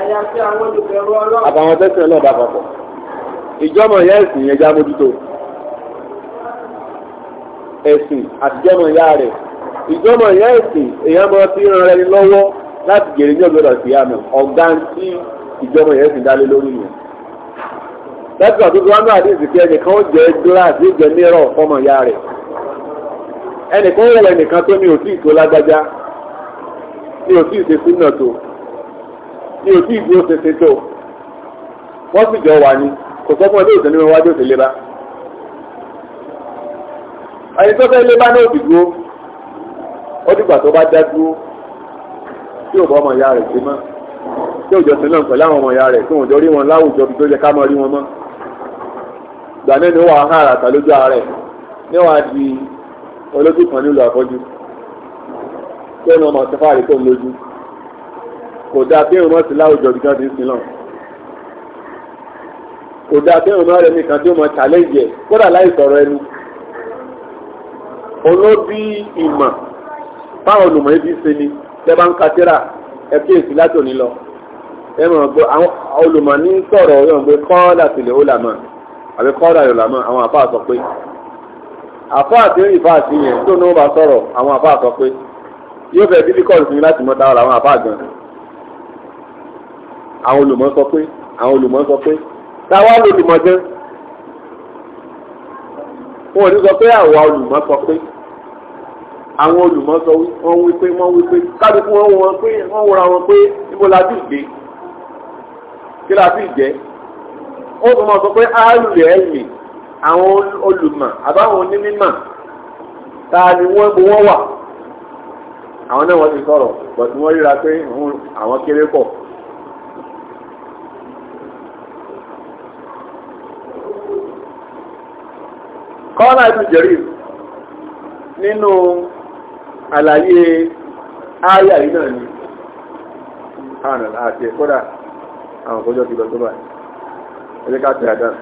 àyàfi àwọn olùbẹ̀rù ọlọ́run. àbàwọn tẹ́sán náà dà papọ̀ ìjọmọ̀ yẹn ẹ̀sìn yẹn já mójútó ẹ̀sìn àtijọ́mọ̀ yá rẹ̀ ìjọmọ ìyá ẹ̀sìn èèyàn máa fi ran ẹni lọ́wọ́ láti jèrè ní ọ̀gbẹ́dọ̀ sí àmì ọ̀gá tí ìjọmọ ìyá ẹ̀sìn dálé lórí yẹn. lẹ́tọ̀ tó wá náà àdéhùn sí ẹnìkan ó jẹ́ gíláàsì ìjẹ́ mìíràn fọmọ ìyá rẹ̀ ẹnìkan wọ̀ ẹnìkan tó ní òtí ìtò lágbájá ní òtí ìṣesínà tó ní òtí ìdúró ṣeṣe tó wọ́n sì jọ wà ní kò sọ fún ẹgbẹ́ òṣèlú wọn wájú òṣèlú bá ẹni tó fẹ́ lé bá náà òdìgbò ó dìgbà tó bá dá dúró tí ò bá ọmọ ìyá rẹ̀ ṣe mọ́ tí ò jọ sí náà pẹ̀lú àwọn ọmọ ìyá rẹ̀ tí òun jọ rí wọn láwùjọ tó yẹ ká mọ rí wọn mọ́ ìgbà náà ni ó wà á hàn àràtà lójú ààrẹ ní wàá di olójú kan nílùú àfọ́jú tí ó ní ọmọ safari tó ń lójú kò dáa pé òun ọ̀sìn láwùjọ bí kan ti ń sin náà kò dáa pé òun ọ̀rẹ́ nìkan tí ó mọ challenge ẹ̀ kódà láì sọ̀rọ̀ ẹnu olóbi ìmọ̀ fáwọn olùmọ̀ ibi ṣe ni tẹ́ bá ń ka tírà ẹ kí èsì láti òní lọ ẹ mọ̀ gbọ́ àwọn olùmọ̀ ní sọ̀rọ̀ yọ̀ pé kọ́ọ̀dà tìlẹ̀ ó làmọ̀ àbí kọ́ọ̀dà yọ̀ làmọ̀ àwọn àbá sọ pé àfọ́ àti ìfà àti yẹn tó ní wọ́n bá sọ̀rọ̀ àwọn àbá sọ pé yóò fẹ́ difficult ní láti mọ táwọn àwọn àbá gan àwọn olùmọ̀ sọ pé àwọn olùmọ̀ sọ pé táwa lòlùmọ̀ gan wọn ò ní sọ pé àwa olùmọ̀ sọ pé àwọn olùmọ̀ sọ wọ́n wípé wọ́n wípé kálukú wọ́n wọ́n pé wọ́n wọra wọn pé níbo la bí ìgbé kí la bí ìjẹ́ ó sọ ma sọ pé àárẹ̀ ẹ̀mí àwọn olùmọ̀ àbáwọn onímọ̀ ta ni wọ́n bo wọ́n wà àwọn náà wọ́n ti sọ̀rọ̀ bọ̀tí wọ́n ríra pé àwọn kéré pọ̀. kọ́lá ibùjẹ̀rí nínú àlàyé ááyà yìí náà ni àrùn àti ẹ̀kọ́dà àwọn òkójọ́ ti lọ tó báyìí ẹ̀jẹ̀ ká tẹ̀